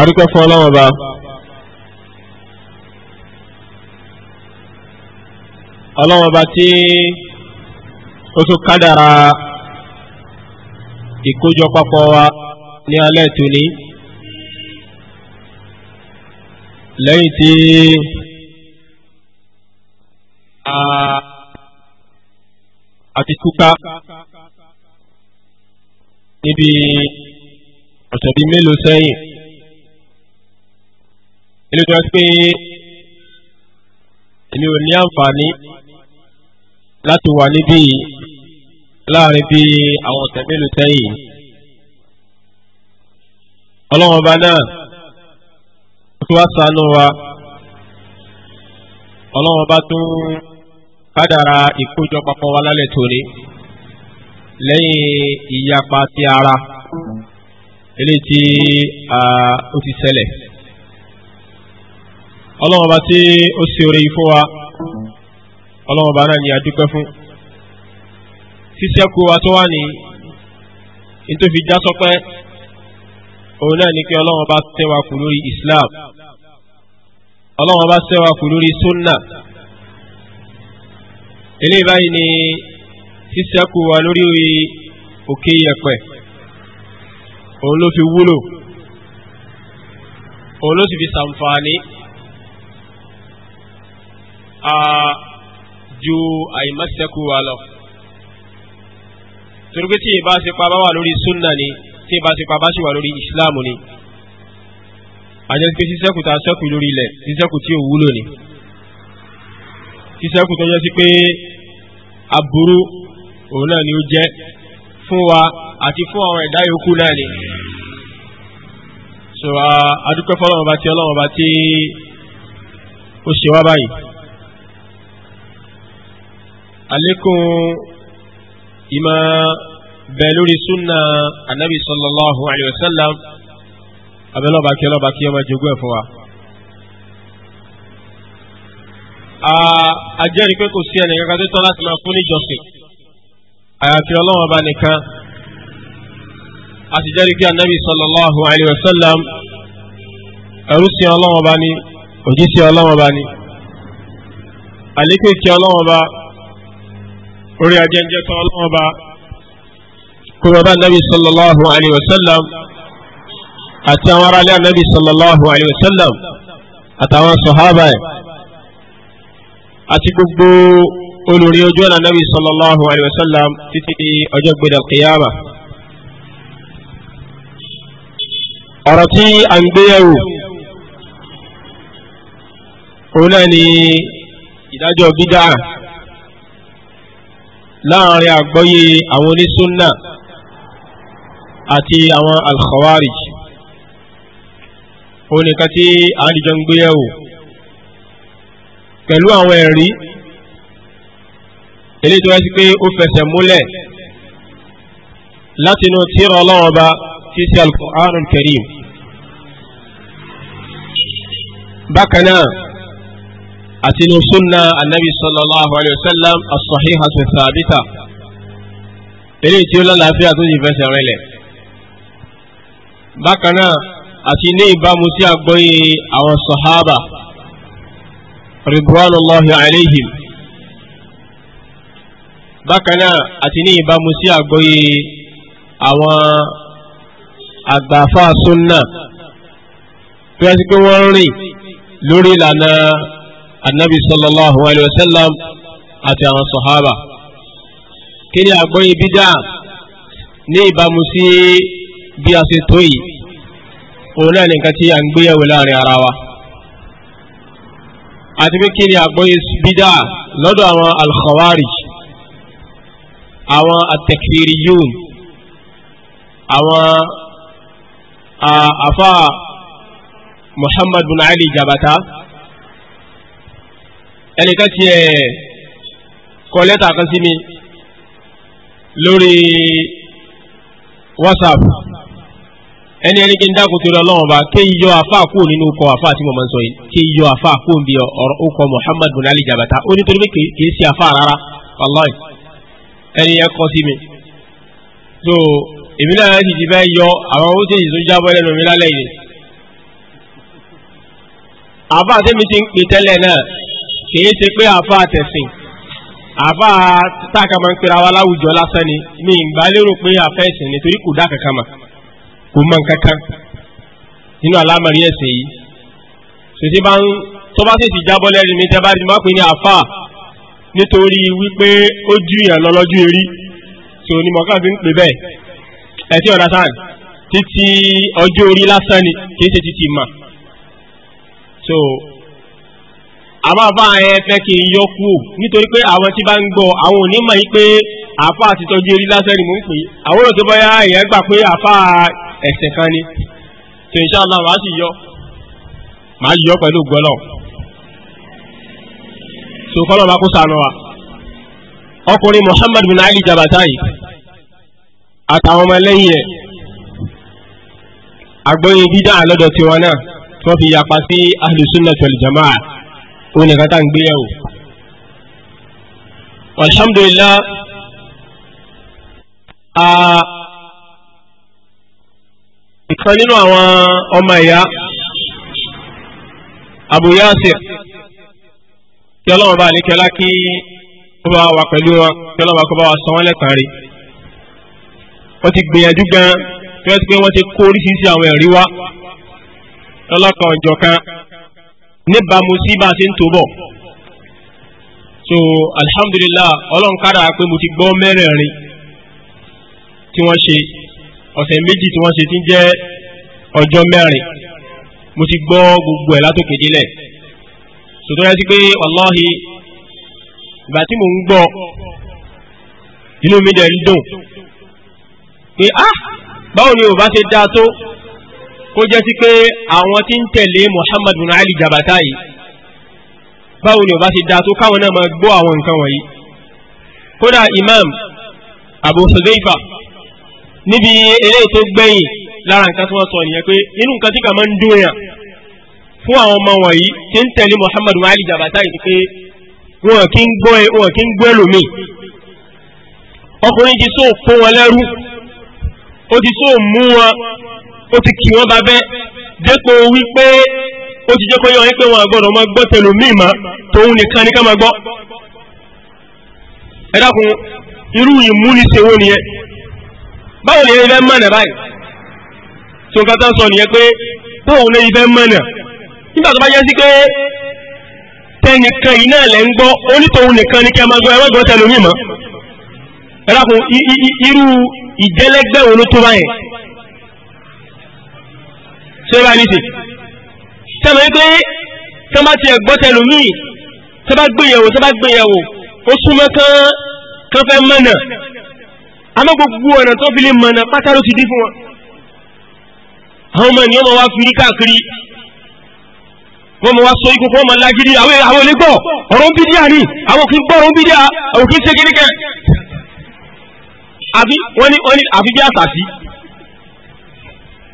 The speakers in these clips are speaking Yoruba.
àdúpẹ́ fún ọlọ́wọ́n ọba. ọlọ́wọ́n ọba tí ó tún kádàrà ìkójọpapọ̀ wa ní alẹ́ tòní lẹ́yìn tí àti túká níbi ọ̀sẹ̀ mélòó sẹ́yìn eléyìí tó yẹ pé èmi ò ní àǹfààní láti wà níbí láàrin bí àwọn ọ̀sẹ̀ mélòó sẹ́yìn ọlọ́wọ́n ọba náà ó tún wá ṣàánú wa ọlọ́wọ́n ọba tún kádàrá ìkójọ papọ̀ wa lálẹ́ tòní lẹ́yìn ìyapa ti ara eléyìí tí ó ti ṣẹlẹ̀ ọlọ́wọ́n bá tí ó ṣe orí fún wa ọlọ́wọ́n bá náà ni a dúpẹ́ fún ṣíṣẹ́kù wa tó wà ní nítòfi já sọpẹ́ òun náà ni pé ọlọ́wọ́n bá tẹ́ wa kù lórí Islam ọlọ́wọ́n bá tẹ́ wa kù lórí sunna eléyìí báyìí ni ṣíṣẹ́kù wa lórí òkè yẹpẹ̀ òun ló fi wúlò òun ló sì fi ṣàǹfààní ju àìmọ́sẹ́kù wa lọ. torí pé tí ìbá ṣe pa bá wà lórí súnà ni tí ìbá ṣe pa bá ṣe wà lórí ìsìláàmù ni àjẹsí pé sísẹ́kù tá a sẹ́kù lórí ilẹ̀ sísẹ́kù tí ò wúlò ni sísẹ́kù tó yẹ sí pé aburú òun náà ni ó jẹ́ fún wa àti fún àwọn ẹ̀dá yòókù náà ni so adúpẹ́ fọlọ́mọba tí ọlọ́mọba tí ó ṣe wá báyìí àlékún ìmọ̀ bẹ̀ lórí súnà ànábì sallallahu alayhi wa sallam abẹ́lọ́ba kí ọlọ́ba kí ọmọ jogún ẹ̀ fún wa. a jẹ́rìí pé kò sí ẹnì kankan tó tọ́ láti máa fún níjọsìn àyàfi ọlọ́wọ́n ọba nìkan a sì jẹ́rìí pé ànábì sallallahu alayhi wa sallam ẹrú sí ọlọ́wọ́n ọba ni òjíṣẹ́ ọlọ́wọ́n ọba ni àlékún kí ọlọ́wọ́n ọba orí ajẹ́njẹ́ tán ọlọ́wọ́ bá kó bàbá nàbí sallallahu alayhi wa sallam àti àwọn aráalé ànábì sallallahu alayhi wa sallam àtàwọn sọ̀hábà ẹ̀ àti gbogbo olórí ojú ọ̀nà nàbí sallallahu alayhi wa sallam títí di ọjọ́ gbẹdẹ kìyàmà. ọ̀rọ̀ tí a ń gbéyàwó òun náà ni ìdájọ́ bídáà láàrin àgbọ́yé àwọn onísúnnà àti àwọn alkhawarij ó nìkan tí a ń jọ ń gbéyàwó pẹ̀lú àwọn ẹ̀rí èlé tó wá sí pé ó fẹsẹ̀ múlẹ̀ látinú tírà Ọlọ́run Ọba tí sí al-Qur'anul bákan náà àti inú súnà anabi sallallahu alayhi wa sallam as-sahihatu thabita eléyìí tí ó lálàáfíà tó sì fẹsẹ̀ rinlẹ̀ bákan náà àti ní ìbámu sí àgbọ́yé àwọn sahaba ridwanullahi alayhim bákan náà àti ní ìbámu sí àgbọ́yé àwọn àgbàfà súnà tó yẹ sí wọ́n rìn lórí ìlànà anabi sallallahu alayhi wa sallam àti àwọn sọ̀hábà kí ni àgbọ́yé bídà ní ìbámu sí bí a ṣe tó yìí òun náà ní nǹkan tí a ń gbéyàwó láàrin ara wa àti pé kí ni àgbọ́yé bídà lọ́dọ̀ àwọn alkhawarij àwọn atakfiriyun àwọn afa muhammad bin jabata ẹnìkan ti ẹ̀ kọ lẹ́tà kan sí mi lórí whatsapp ẹni ẹni kí n dákun tó lọ lọ́wọ́n bá kí yíyọ afa kú nínú kọ afa tí mo máa yìí kí yíyọ afa kú bí ọ̀rọ̀ ó Muhammad bin Ali Jabata ó nítorí pé kìí ṣe afa rárá wàláì ẹni yẹn kọ sí mi so èmi náà ti ti fẹ́ yọ àwọn owó tí èyí tó jábọ́ lẹ́nu mi lálẹ́ yìí àbá àti mi ti ń pè tẹ́lẹ̀ náà kìí ṣe pé àfa àtẹ̀sìn àfa táàkàmọ́ ń pera wa láwùjọ lásán ni mi ń gbà lérò pé àfa ẹ̀sìn nítorí kò dá kankan mà kò mọ kankan nínú àlámọ̀rí ẹ̀sìn yìí ṣèṣe bá ń tó bá sì ti jábọ́ lẹ́rìí mi tẹ́ bá ti má pè ní àfa nítorí wípé ó ju ìyàn lọ lọ́jú erí tí onímọ̀ọ́kàn fi ń pè bẹ́ẹ̀ ẹ̀ ọ̀dà sáà títí ọjọ́ orí lásán ni kìí ṣe títí mà àbáfà ẹ fẹ́ kí n yọ kú nítorí pé àwọn tí bá ń gbọ́ àwọn ò ní mọ̀ yí pé àáfà àtitọ́jú orí lásán ni mò ń pè é àwọn òrò bọ́yá èèyàn gbà pé àáfà ẹ̀sìn kan ni tó inshallah màá sì yọ màá yọ pẹ̀lú gbọ́lọ̀ tó kọ́lọ̀ bá kó sànù wa ọkùnrin Muhammad bin Ali Jabatai àtàwọn ọmọ ẹlẹ́yìn ẹ̀ àgbọ́yé dídá àlọ́dọ̀ tiwọn náà tó fi yapa sí ahlu sunnah wal jama'a òun nìkan tá à ń gbé yẹ̀wò. alhamdulillah ìkan nínú àwọn ọmọ ẹ̀yà Abu Yasir kí ọlọ́run bá àlékẹ́lá kí ó bá wà pẹ̀lú wọn kí ọlọ́run bá kó bá wa san wọ́n lẹ́kàn rí wọ́n ti gbìyànjú gan-an fẹ́ẹ́ pé wọ́n ti kó oríṣiríṣi àwọn ẹ̀rí wá lọ́lọ́kan ọ̀jọ̀kan níbàámu sí bá a ń tó bọ̀ so alhamdulillah ọlọ́run kára pé mo ti gbọ́ mẹ́rẹ̀ẹ̀rin tí wọ́n ṣe ọ̀sẹ̀ méjì tí wọ́n ṣe ti ń jẹ́ ọjọ́ mẹ́rin mo ti gbọ́ gbogbo ẹ̀ látòkè délẹ̀ sòtọ́ yẹ sí pé wallahi ìgbà tí mò ń gbọ́ inú mi dẹ̀ ń dùn pé ah báwo ni ò bá ṣe dáa tó kó jẹ́ sí pé àwọn tí ń tẹ̀lé Muhammad bin Ali Jabata yìí báwo ni ọba ti da tó káwọn náà máa gbọ́ àwọn nǹkan wọ̀nyí kódà Imam Abu Hudhaifa níbi eléyìí tó gbẹ̀yìn lára nǹkan tí wọ́n sọ nìyẹn pé nínú nǹkan tí kà máa ń dún yàn fún àwọn ọmọ wọ̀nyí tí ń tẹ̀lé Muhammad bin Ali Jabata yìí pé wọn kì í gbọ́ ẹ wọn kì í gbọ́ ẹlòmíì ọkùnrin ti sóò kó wọn lẹ́rú ó ti sóò mú wọn ó ti kì wọ́n bá bẹ́ dépò wípé ó ti jẹ́ kó yọ wípé wọn àgbọ̀dọ̀ máa gbọ́ tẹnu míì má tòun nìkan ní ká máa gbọ́. ẹ dákun irú ìmúnisẹ wo nìyẹn báwo ni ẹ fẹ́ mọ̀nà báyìí tó nǹkan tó ń sọ nìyẹn pé báwo ni ẹ fẹ́ mọ̀nà nígbà tó bá jẹ́ sí pé tẹnìkan yìí náà lẹ́ ń gbọ́ onítòun nìkan ní kí máa gbọ́ ẹ má gbọ́ tẹnu míì ẹ dákun irú ìjẹ́lẹ́gbẹ́ wo ló tó báyìí tó yẹ bá ní sí sẹ́mi pé tó bá tiẹ̀ gbọ́ tẹlòmíì tó bá gbéyẹ̀wò tó bá gbéyẹ̀wò ó súnmọ́ kán kán fẹ́ mọ̀nà àmọ́ gbogbo ọ̀nà tó fi lè mọ̀nà pátá ló ti dí fún wọn àwọn ọmọ ènìyàn máa wá fi rí káàkiri wọ́n mọ̀ wá sọ ikú fún ọmọ lágídí àwọn olùgbọ́ ọ̀rọ̀ ń bí díà ní àwọn kì í gbọ́ ọ̀rọ̀ ń bí díà àwọn kì í ṣe kíníkẹ́ àbí wọ́n ní àbí bí àṣàṣì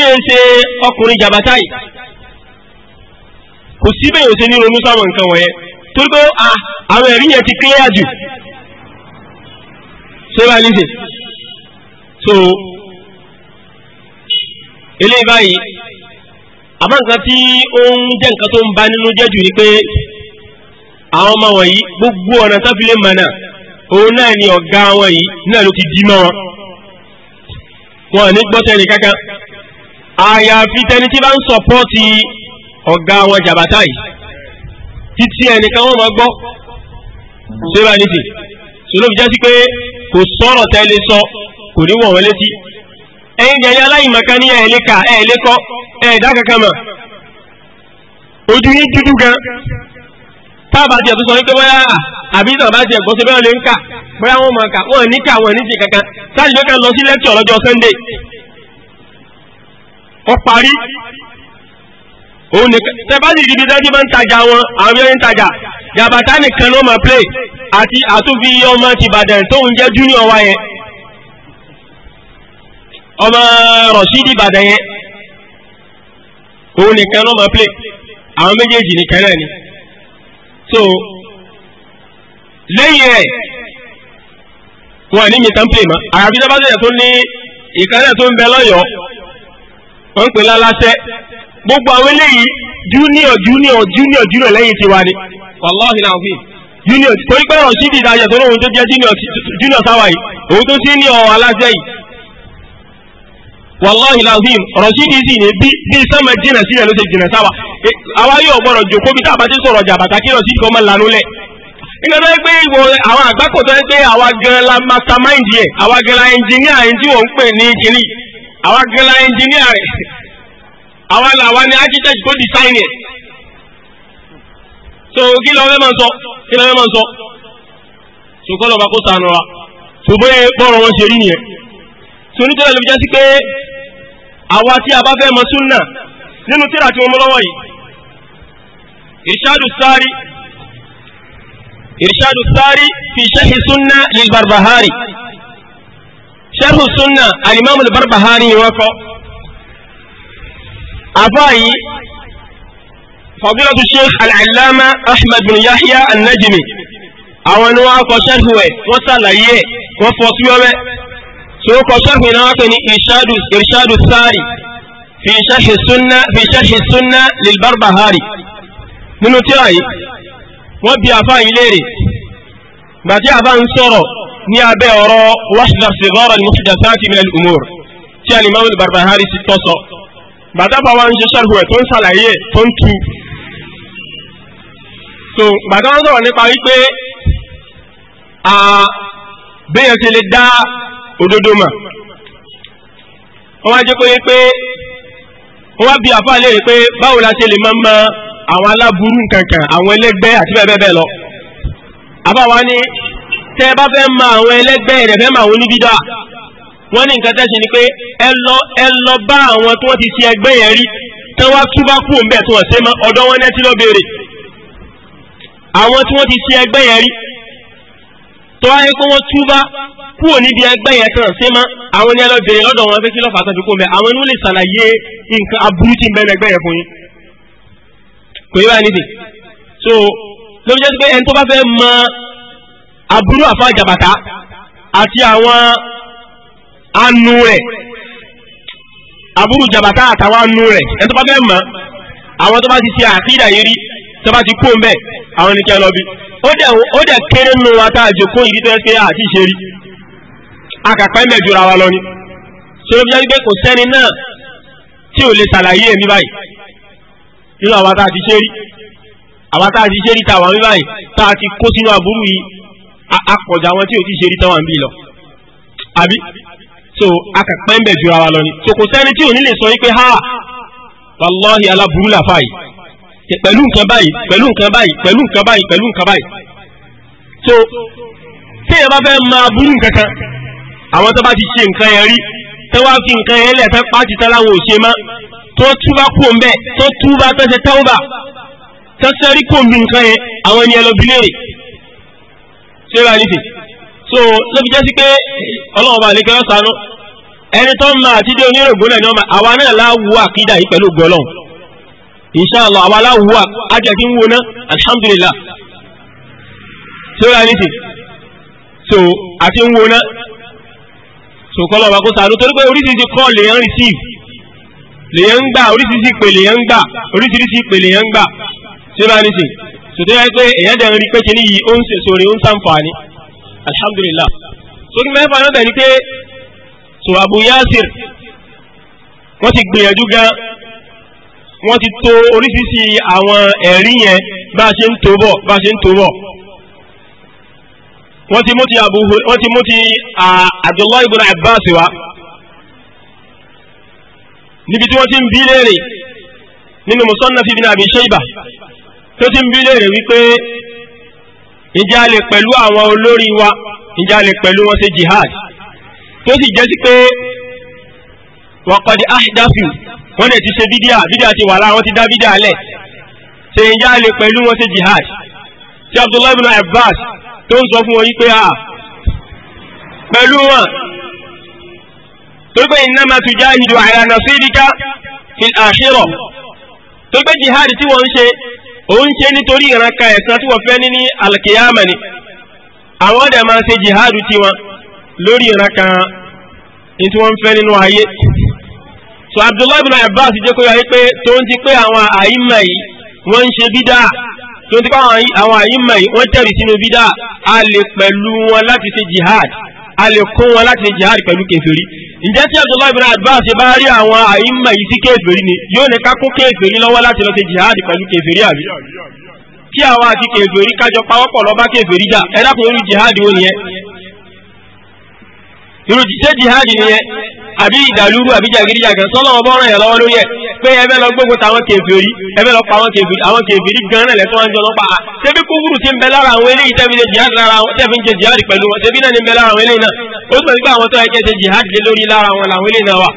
tí e ń ṣe ọkùnrin jàbátá yìí kò sí bẹ́ẹ̀ òṣèlú ronú sáwọn nǹkan wọ̀nyẹn torí pé ah, àwọn ẹ̀rí yẹn ti clear jù ṣé wàá ní sè so eléyìí báyìí àmọ́ nǹkan tí ó ń jẹ́ nǹkan tó ń ba nínú jẹ́ jù ni pé àwọn ọmọ wọ̀nyí gbogbo ọ̀nà tábìlẹ̀ mọ̀nà òun náà ni ọ̀gá wọn náà ló ti dí mọ́ wọn ò ní gbọ́tẹ́ ní kankan àyàfi tẹni tí bá ń sọpọ́ọ̀tì ọ̀gá wọn jàbátá yìí títí ẹnìkan wọn máa gbọ́ ṣé bá nìsí ṣòlóbi jásí pé kò sọ̀rọ̀ tẹ́lẹ̀ sọ kò ní wọ̀n wọn létí ẹ̀yin jẹ́ ní aláìmọ̀kan ní ẹ̀ẹ́lẹ́ka ẹ̀ẹ́lẹ́kọ́ ẹ̀ẹ́dá kankan mọ̀ ojú yín dúdú gan táàbà tiẹ̀ tó sọ wípé bóyá àbí tàbá tiẹ̀ gbọ́ sí bẹ́ẹ̀ lè ń kà bóyá wọ́n máa kà wọ́n ní kà wọ́n ní ti kankan sáàjì Sunday kọ́ parí òun nìkan tẹ́bálì ìdíbi dájú bá ń tajà wọn àwọn ẹni tajà jàbàtà nìkan ló máa play àti àtúnfi ọmọ ti Ìbàdàn tó ń jẹ́ junior wa yẹn ọmọ Rọ̀ṣídì Ìbàdàn yẹn òun nìkan ló máa play àwọn méjèèjì nìkan náà ni so lẹ́yìn ẹ̀ wọn ní mi tán play mọ́ àyàfi tẹ́bálì ẹ̀ tó ní ìkànnì tó ń bẹ lọ́yọ̀ọ́. wọ́n ń pè láláṣẹ́ gbogbo àwọn eléyìí junior junior junior junior lẹ́yìn tiwa ni wàláhìn náà fi junior torí pé ọ̀rọ̀ ṣídìí ìdájọ́ tó lóun tó jẹ́ junior sáwà yìí òun tó sí ní ọ̀ aláṣẹ yìí náà fi ọ̀rọ̀ sì ní bí bí sílẹ̀ ló ṣe sáwà àwa yóò gbọ́dọ̀ ti sọ̀rọ̀ lanú lẹ̀ tó yẹ pé ìwọ àwọn àgbákò tó yẹ pé àwa gan la mastermind yẹ àwa gan la engineer ẹni tí àwa gẹ́la ẹnjìníà rẹ̀ àwa làwa ni architect tó design ẹ̀ so kí lọ́wọ́ mẹ́mọ̀ sọ kí lọ́wọ́ mẹ́mọ̀ sọ ṣùgbọ́n lọ́ba kó sànù wa ṣùgbọ́n bọ́ọ̀rọ̀ wọn ṣe rí nìyẹn tó nítorí ló fi jásí pé àwa tí a bá fẹ́ mọ súnà nínú tíra tí mo mú lọ́wọ́ yìí irshadu sari irshadu sari fi ṣẹ́hì súnà lil Barbahari sẹ́rù súnà alimami barbahari ni wọ́n kọ́ afaayi fadilatu sheikh al-allama ahmed bin yahya an-najmi àwọn ni wọ́n kọ sẹ́rù ẹ̀ wọ́n sàlàyé ẹ̀ wọ́n fọ́ sí wẹ́wẹ́ tí ó kọ sẹ́rù náà wọ́n pè ní irshadu sari fi sharhi sunna fi sharhi nínú tíra wọ́n bi afaayi léèrè gbàtí afaayi ń sọ̀rọ̀ ní abẹ́ ọ̀rọ̀ wáṣídà sèkọ́rọ̀ ní mọ́ṣídà sáàtì min al-umur tí alimami al-Barbahari ti tọ́sọ. bàtàbà wa ń ṣe ṣàrùkù ẹ̀ tó ń ṣàlàyé tó ń tu. so bàtà wọn sọ̀rọ̀ nípa wípé bẹ́ẹ̀ ṣe lè dá òdodo mà. wọ́n wá jẹ́ pé pé wọ́n wá bí àfa lè rí pé báwo la ṣe lè máa ma àwọn aláburú kankan àwọn ẹlẹ́gbẹ́ àti bẹ́ẹ̀ bẹ́ẹ̀ lọ. àbá wa tẹ́ bá fẹ́ ma àwọn ẹlẹ́gbẹ́ rẹ̀ fẹ́ ma àwọn oníbídà wọ́n ní nǹkan tẹ́sí ni pé ẹ lọ ẹ lọ bá àwọn tí wọ́n ti ṣe ẹgbẹ́ yẹn rí tí wọ́n túbá kú òǹbẹ̀ tí wọ́n ṣe mọ́ ọ̀dọ́ wọn nẹ́tí ló béèrè àwọn tí wọ́n ti ṣe ẹgbẹ́ yẹn rí tó wáyé pé wọ́n túbá kú òníbi ẹgbẹ́ yẹn tán ṣe mọ́ àwọn ni ẹ lọ béèrè lọ́dọ̀ wọn pé kí lọ́fà àtàfikún mẹ́ àwọn ni wọ́n lè ṣàlàyé nǹkan aburú tí ń bẹ́ẹ̀ so lóbi jẹ́ aburú àfáàjàbàtà àti àwọn anu rẹ̀ aburú Jabata àtàwọn anu rẹ̀ ẹni tó bá fẹ́ mọ̀ àwọn tó bá ti ṣe àkídà yìí rí tó bá ti kó ń bẹ̀ àwọn ní kí ẹ lọ bí ó dẹ̀ kéré nù wa tá a jòkó ìdí tó yẹ pé àti ṣe rí akàpẹ́ ń jura wa lọ ni ṣé ló fi jáde pé sẹ́ni náà tí ò lè ṣàlàyé èmi báyìí nínú àwọn tá a ti ṣe rí àwọn tá a ti ṣe rí tá àwọn mi báyìí tá a ti kó sínú aburú yìí akọ̀jà àwọn tí o ti ṣe rí táwọn bí lọ àbí so akàpẹ́ ń bẹ̀ jura wa lọ ni so kò sẹ́ni tí ò ní lè sọ yín ha wàláhi aláburú làfà yìí pẹ̀lú nǹkan báyìí pẹ̀lú nǹkan báyìí pẹ̀lú nǹkan báyìí pẹ̀lú nǹkan báyìí so téèyàn bá fẹ́ máa burú nǹkan kan àwọn tó bá ti ṣe nǹkan yẹn rí tó wá fi nǹkan yẹn lẹ̀ fẹ́ pàtì tán láwọn ò ṣe mọ́ tó túbá kú òǹbẹ tó túbá tó ṣe tẹ́wọ́bà tó ṣẹ́rí kú òǹbí nǹkan yẹn àwọn ènìyàn lọ bí léèrè ṣé ra nífi so ló fi jẹ́ sí pé ọlọ́run bá àlékẹ́ ọ̀sánú ẹni tó ń ma àtijọ́ onírògbó náà ni wọ́n ma àwa náà láwù àkídà yìí pẹ̀lú ògbó ọlọ́run inshallah àwa láwù àjẹkí ń wọná alhamdulillah ṣé ra nífi so àti ń wọná so kọ́ lọ́ba kó sànú torí pé oríṣiríṣi kọ́ lèèyàn receive lèèyàn ń gbà oríṣiríṣi ìpè lèèyàn ń gbà oríṣiríṣi ìpè lèèyàn ń gbà ṣé ra nífi sòtò yẹ pé èyàn dẹ̀ ń rí pé kíní yìí ó ń sèso rí ó ń sàǹfààní alhamdulillah sókè mẹ́fà náà dẹ̀ ni pé sọ Abu Yasir wọ́n ti gbìyànjú gan wọ́n ti tò oríṣiríṣi àwọn ẹ̀rí yẹn bá a ṣe ń tó bọ̀ bá a ṣe ń tó bọ̀ wọ́n ti mú Abu wọ́n ti mú ti Abdullahi ibn Abbas wa níbi tí wọ́n ti ń bí léèrè nínú Musannaf ibn Abi Shaybah tó ti ń bí léèrè wípé ìjà lè pẹ̀lú àwọn olórí wa ìjà lè pẹ̀lú wọn ṣe jihad tó sì jẹ́ sí pé wàkọ̀dí ahdafi wọ́n lè ti ṣe bídíà bídíà ti wà láwọn ti dá bídíà lẹ̀ ṣe ìjà lè pẹ̀lú wọn ṣe jihad tí Abdullahi bin Abbas tó ń sọ fún wọn wípé a ah, pẹ̀lú wọn torípé innama tujahidu ala nasirika fil akhirah torípé jihad tí wọ́n ń ṣe ó ń ṣe nítorí ìranka ẹ̀san tí wọ́n fẹ́ ní ní alkiyama ni àwọn ọ̀dẹ̀ máa ń ṣe jihadu tiwọn lórí ìranka ní tí wọ́n fẹ́ nínú ayé so abdullahi bin abbas jẹ́ kó yọrí pé tó ń ti pé àwọn àyímọ̀ yìí wọ́n ń ṣe bídà tó ń ti pé àwọn àyímọ̀ yìí wọ́n tẹ̀rí sínú bídà a lè pẹ̀lú wọn láti ṣe jihad a lè kó wọn láti lè jihad pẹ̀lú kèfèrí ǹjẹ́ tí Abdullahi ibn Abbas bá rí àwọn àyínmọ̀ yìí sí kèfèrí ni yóò ní ká kún kèfèrí lọ́wọ́ láti lọ sí jihad pẹ̀lú kèfèrí àbí kí àwa àti kèfèrí kájọ pawọ́pọ̀ lọ bá jà ẹ dákun irú jihad wo nìyẹn irú jihad nìyẹn àbí ìdàlúrú àbí jàgídíjàgan sọ́lọ́ wọn bọ́ràn yẹn lọ́wọ́ lórí ẹ̀ pé ẹ fẹ́ lọ gbógun táwọn kèfèrí ẹ fẹ́ lọ pa àwọn kèfèrí àwọn kèfèrí gan-an lẹ́tọ́ wọn jọ lọ́pa ṣebí kúkúrú ti ń bẹ lára àwọn eléyìí tẹ́fi ṣe jihad lára àwọn tẹ́fi ń ṣe jihad pẹ̀lú wọn ṣebí náà ni ń bẹ lára àwọn eléyìí náà ó sì pé àwọn tó yẹ kẹ́ ṣe jihad lé lórí lára àwọn làwọn eléyìí náà wà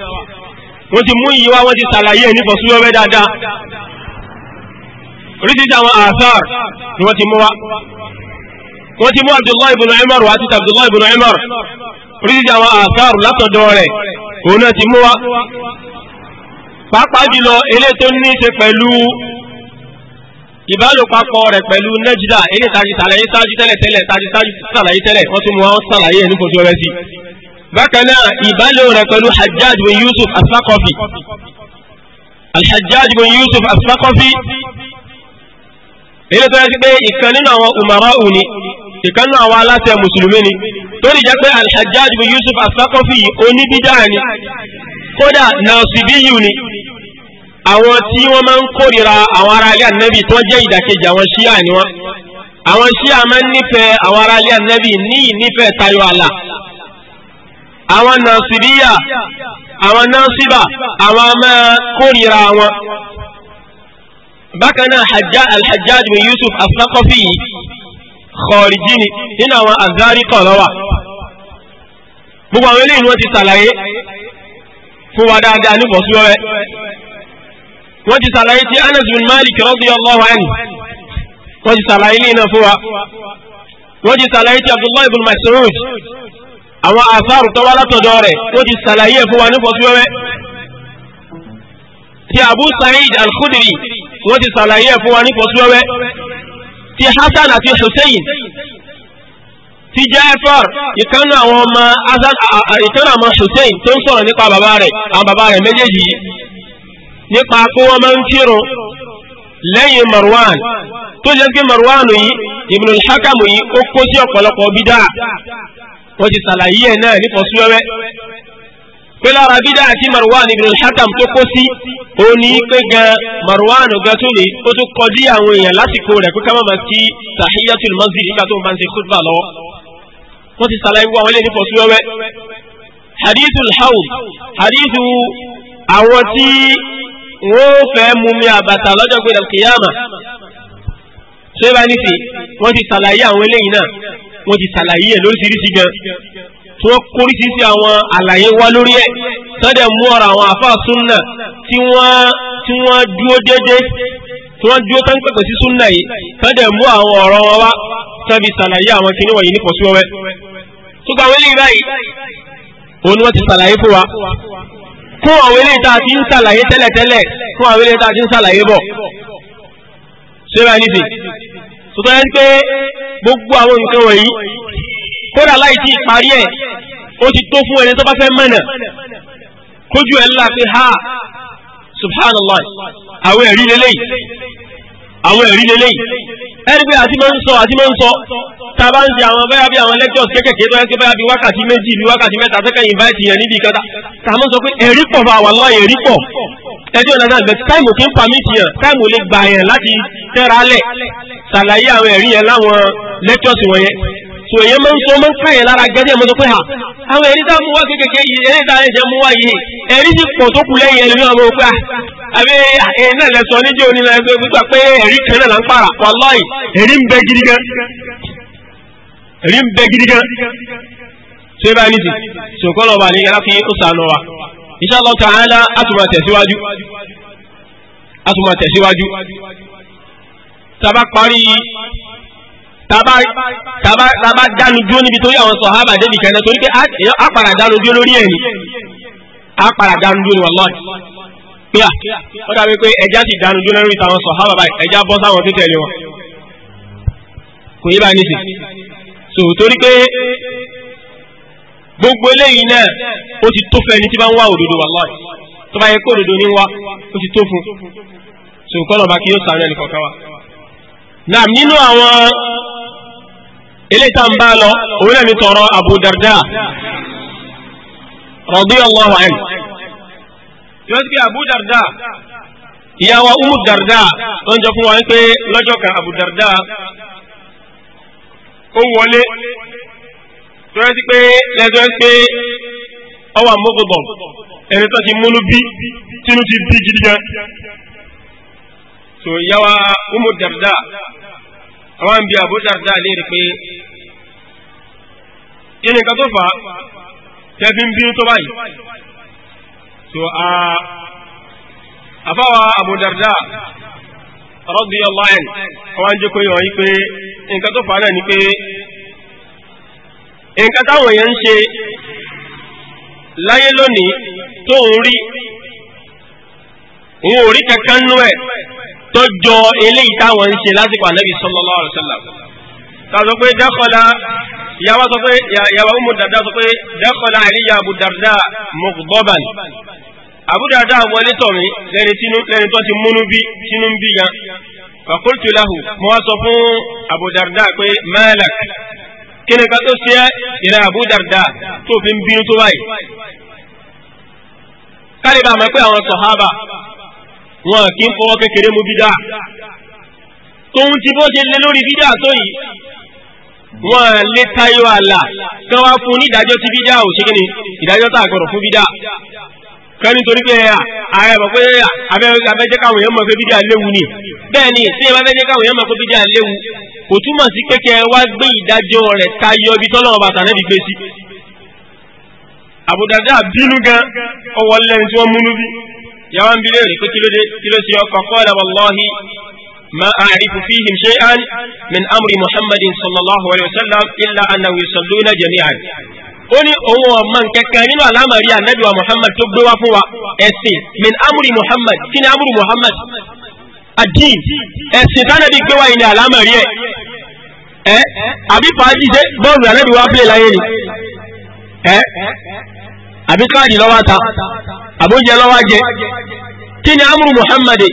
wọ́n ti mú iyì wá wọ́n ti ṣàlàyé ẹ̀ nípa wọ́n ti mú Abdullahi ibn Umar wá àti Abdullahi ibn Umar oríṣiríṣi àwọn àṣàr látọ̀dọ̀ rẹ̀ òun náà ti mú wa pàápàá jùlọ eléyìí tó ní í ṣe pẹ̀lú ìbálòpapọ̀ rẹ̀ pẹ̀lú nẹ́jìdá èyí tàbí sàlàyé sáájú tẹ́lẹ̀ tẹ́lẹ̀ tàbí sáájú sàlàyé tẹ́lẹ̀ wọ́n tún mú wọn sàlàyé ẹ̀ nípo jọrẹ sí. bákan náà ìbálò rẹ̀ pẹ̀lú Hajjaj Yusuf asakọfi al Yusuf asakọfi èyí tó yẹ sí pé ìkan àwọn umara òní ìkan àwọn aláṣẹ mùsùlùmí ni tó lè jẹ́ pé alhajjaj bin yusuf asakọ́fì oníbídà ni kódà nasibiyu ni àwọn tí wọ́n máa ń kórìíra àwọn ará ilé ànábì tó jẹ́ ìdàkejì àwọn ṣíà ni wọ́n àwọn ṣíà máa ń nífẹ̀ẹ́ àwọn ará ilé ànábì ní ìnífẹ̀ẹ́ tayọ àlà àwọn nasibiya àwọn nasiba àwọn máa kórìíra wọn bákan náà alhajjaj bin yusuf asakọ́fì kọ̀ọ̀rìjì ni nínú àwọn azari kọ̀lọ́wà gbogbo àwọn eléyìí ni wọ́n ti ṣàlàyé fún wa dáadáa ní bọ̀súwẹ́wẹ́ wọ́n ti ṣàlàyé ti Anas bin Malik radiyallahu anhu wọ́n ti ṣàlàyé ní iná fún wa wọ́n ti ṣàlàyé ti Abdullahi bin Mas'ud àwọn asaru tó wá látọ̀dọ̀ rẹ̀ wọ́n ti ṣàlàyé fún wa ní bọ̀súwẹ́wẹ́ ti Abu Sa'id al-Khudri wọ́n ti ṣàlàyé fún wa ní bọ̀súwẹ́wẹ́ ti Hasan àti Hussein ti Jaafar ìkànnì àwọn ọmọ Hasan ìkànnì àwọn Hussein tó ń sọ̀rọ̀ nípa bàbá rẹ̀ àwọn bàbá rẹ̀ méjèèjì yìí nípa kó wọ́n máa ń kírun lẹ́yìn Marwan tó jẹ́ pé Marwan yìí Ibn al yìí ó kó sí ọ̀pọ̀lọpọ̀ bídà wọ́n ti ṣàlàyé ẹ̀ náà nípa súwẹ́wẹ́ pé lára bídà àti Marwan ibn al-Hakam tó kó sí òun ní pé gan Marwan gan tó lè ó tún kọjú àwọn èèyàn lásìkò rẹ̀ pé ká má máa kí tahiyatul masjid nígbà tó ń bá ń ṣe khutba lọ́wọ́ wọ́n ti sàlàyé wọ́n àwọn ilé nífọ̀ọ́ sí wẹ́wẹ́ hadithul hawl hadithu àwọn tí wọ́n fẹ́ mú mi àbàtà lọ́jọ́ pé al-qiyama ṣé bá ní wọ́n ti sàlàyé àwọn eléyìí náà wọ́n ti sàlàyé ẹ̀ lóríṣiríṣi gan tí wọ́n kórí sí sí àwọn àlàyé wá lórí ẹ̀ sọ́dẹ̀ mú ọ̀rọ̀ àwọn àfáà súnà tí wọ́n tí wọ́n dúó déédé tí wọ́n dúó tán pẹ̀pẹ̀ sí súnà yìí sọ́dẹ̀ mú àwọn ọ̀rọ̀ wọn wá tàbí sàlàyé àwọn kìnìún wọ̀nyí nípò sí wọ́wẹ́. tó gba wẹ́lẹ̀ báyìí òun ni wọ́n ti sàlàyé fún wa fún àwọn eléyìí tá a ti ń sàlàyé tẹ́lẹ̀tẹ́lẹ̀ fún àwọn eléyìí tá a ti ń sàlàyé bọ̀ ṣé báyìí nìsín tó kódà láì tí parí ẹ̀ ó ti tó fún ẹni tó bá fẹ́ mọ̀nà kójú ẹ̀ ńlá pé ha subhanallah àwọn ẹ̀rí lélẹ́yìí àwọn ẹ̀rí lélẹ́yìí ẹni pé àti máa ń sọ àti máa ń sọ tá a bá ń ṣe àwọn bẹ́ẹ̀ bí àwọn lectures kékèké tó yẹ kí bẹ́ẹ̀ bí wákàtí méjì bí wákàtí mẹ́ta fẹ́kẹ́ invite yẹn níbi kan tá a máa ń sọ pé ẹ̀rí pọ̀ fún àwọn ọlọ́ọ̀ ẹ̀rí pọ̀ ẹjọ́ ìlànà àgbẹ̀ táìmù kí ń permit yẹn táìmù lè gbà yẹn láti tẹ́ra lẹ̀ ṣàlàyé àwọn ẹ̀rí yẹn láwọn lectures wọ̀nyẹn so èyẹ máa ń so máa ń kàyẹ̀ lára ha àwọn ẹ̀rí taa a keke wá kékèké yìí ẹ̀rí tá a jẹ́ mú wá yìí ẹ̀rí sì pọ̀ tó kù lẹ́yìn ah, ah, ẹ̀rí náà mọ́ pé àbí ẹ̀rí náà lẹ́sọ níjẹ́ òní náà ẹgbẹ́ gbígbà pé kan para gidi gan gidi gan ti fi a tàbá tàbá tàbá dánu dúró níbi torí àwọn sọ̀hábà débi kẹ́lẹ́ torí pé á padà dánu dúró lórí ẹ̀ ni á padà dánu dúró ni wàlọ́ọ̀dì pé à ó dàbí pé ẹja ti dánu dúró lórí tàwọn sọ̀hábà báyìí ẹja bọ́ sáwọn tó tẹ̀lé wọn kò yí bá ní sí so torí pé gbogbo eléyìí náà ó ti tó fẹ́ ni tí bá ń wá òdodo wàlọ́ọ̀dì tó bá yẹ kó òdodo ní wá ó ti tó fún so kọ́nà eléyìí tá à ń bá lọ òun náà ní tọrọ Abu Darda radiyallahu anhu yóò ti Abu Darda ìyàwó Umu Darda tó ń jọ fún wa pé lọ́jọ́ kan Abu Darda ó wọlé tó yẹ ti pé lẹ́jọ́ pé ọwọ́ àmọ́gbọ̀gbọ̀ ẹni tó ti múnú bí tínú ti bí gidi gan ìyàwó Umu àwọn ń bi Abu Darda léèrè pé kí ni tó fà tẹ́bí ń bínú tó báyìí so àbáwa Abu Darda radiyallahu anhu àwọn jẹ́ kó yọ̀ pé nǹkan tó fà náà ni pé nǹkan táwọn èèyàn ń ṣe láyé lónìí tó ń rí òun rí kankan nú ẹ̀ tọjọ eléyìí táwọn ń ṣe lásìkò ànábì sallallahu alaihi wasallam tàbí pé dákọlá yàwá sọ pé yàwá umu dàda sọ pé dákọlá àríyá abu dàda mọgbọban abu dàda wọlé tọmi lẹni tínú lẹni tó ti múnú bí tínú bí gan fakultu mo wá sọ fún abu pé malak kí ni ká tó ṣe é ìrẹ abu tó fi ń bínú tó báyìí kálíbà mọ̀ pé àwọn sọ̀hábà wọn kì í fọwọ́ kékeré mú bídà tóun ti bó ṣe lé lórí bídà tó yìí wọn lè tayọ àlà kí wọn fún ní ìdájọ́ tí bídà ò ṣe kíni ìdájọ́ tá a gbọ́dọ̀ fún bídà kẹ́ni torí pé ààrẹ mọ̀ pé abẹ́jẹ́ káwọn èèyàn mọ̀ pé bídà léwu ni bẹ́ẹ̀ ni tí ẹ bá fẹ́ jẹ́ káwọn èèyàn mọ̀ pé bídà léwu kò túmọ̀ sí pé wá gbé ìdájọ́ rẹ̀ tayọ ibi tọ́lọ́wọ́ àbùdàdà bínú gan ọwọ́ lẹ́yìn tí wọ́n múnú bí yàwọn bí léèrè pé kílódé kílódé ọkọ qala wallahi ma a'rifu fihim shay'an min amri muhammadin sallallahu alayhi wa sallam illa annahu yusalluna jami'an ó ní òun ọmọ nkẹkẹrẹ nínú àlámàrí ànábì wa muhammad tó gbé wá fún wa ẹ̀sìn min amri muhammad kí ni amri muhammad adin ẹ̀sìn tánàbí gbé wá ìní àlámàrí ẹ̀ e. ẹ́ eh? àbí fàájì ṣe bọ́ọ̀lù ànábì wa pè láyé ni ẹ́ eh? àbí káàdì lọ́wọ́ ta àbójẹ lọ́wọ́ jẹ kí ni amúrù muhammadu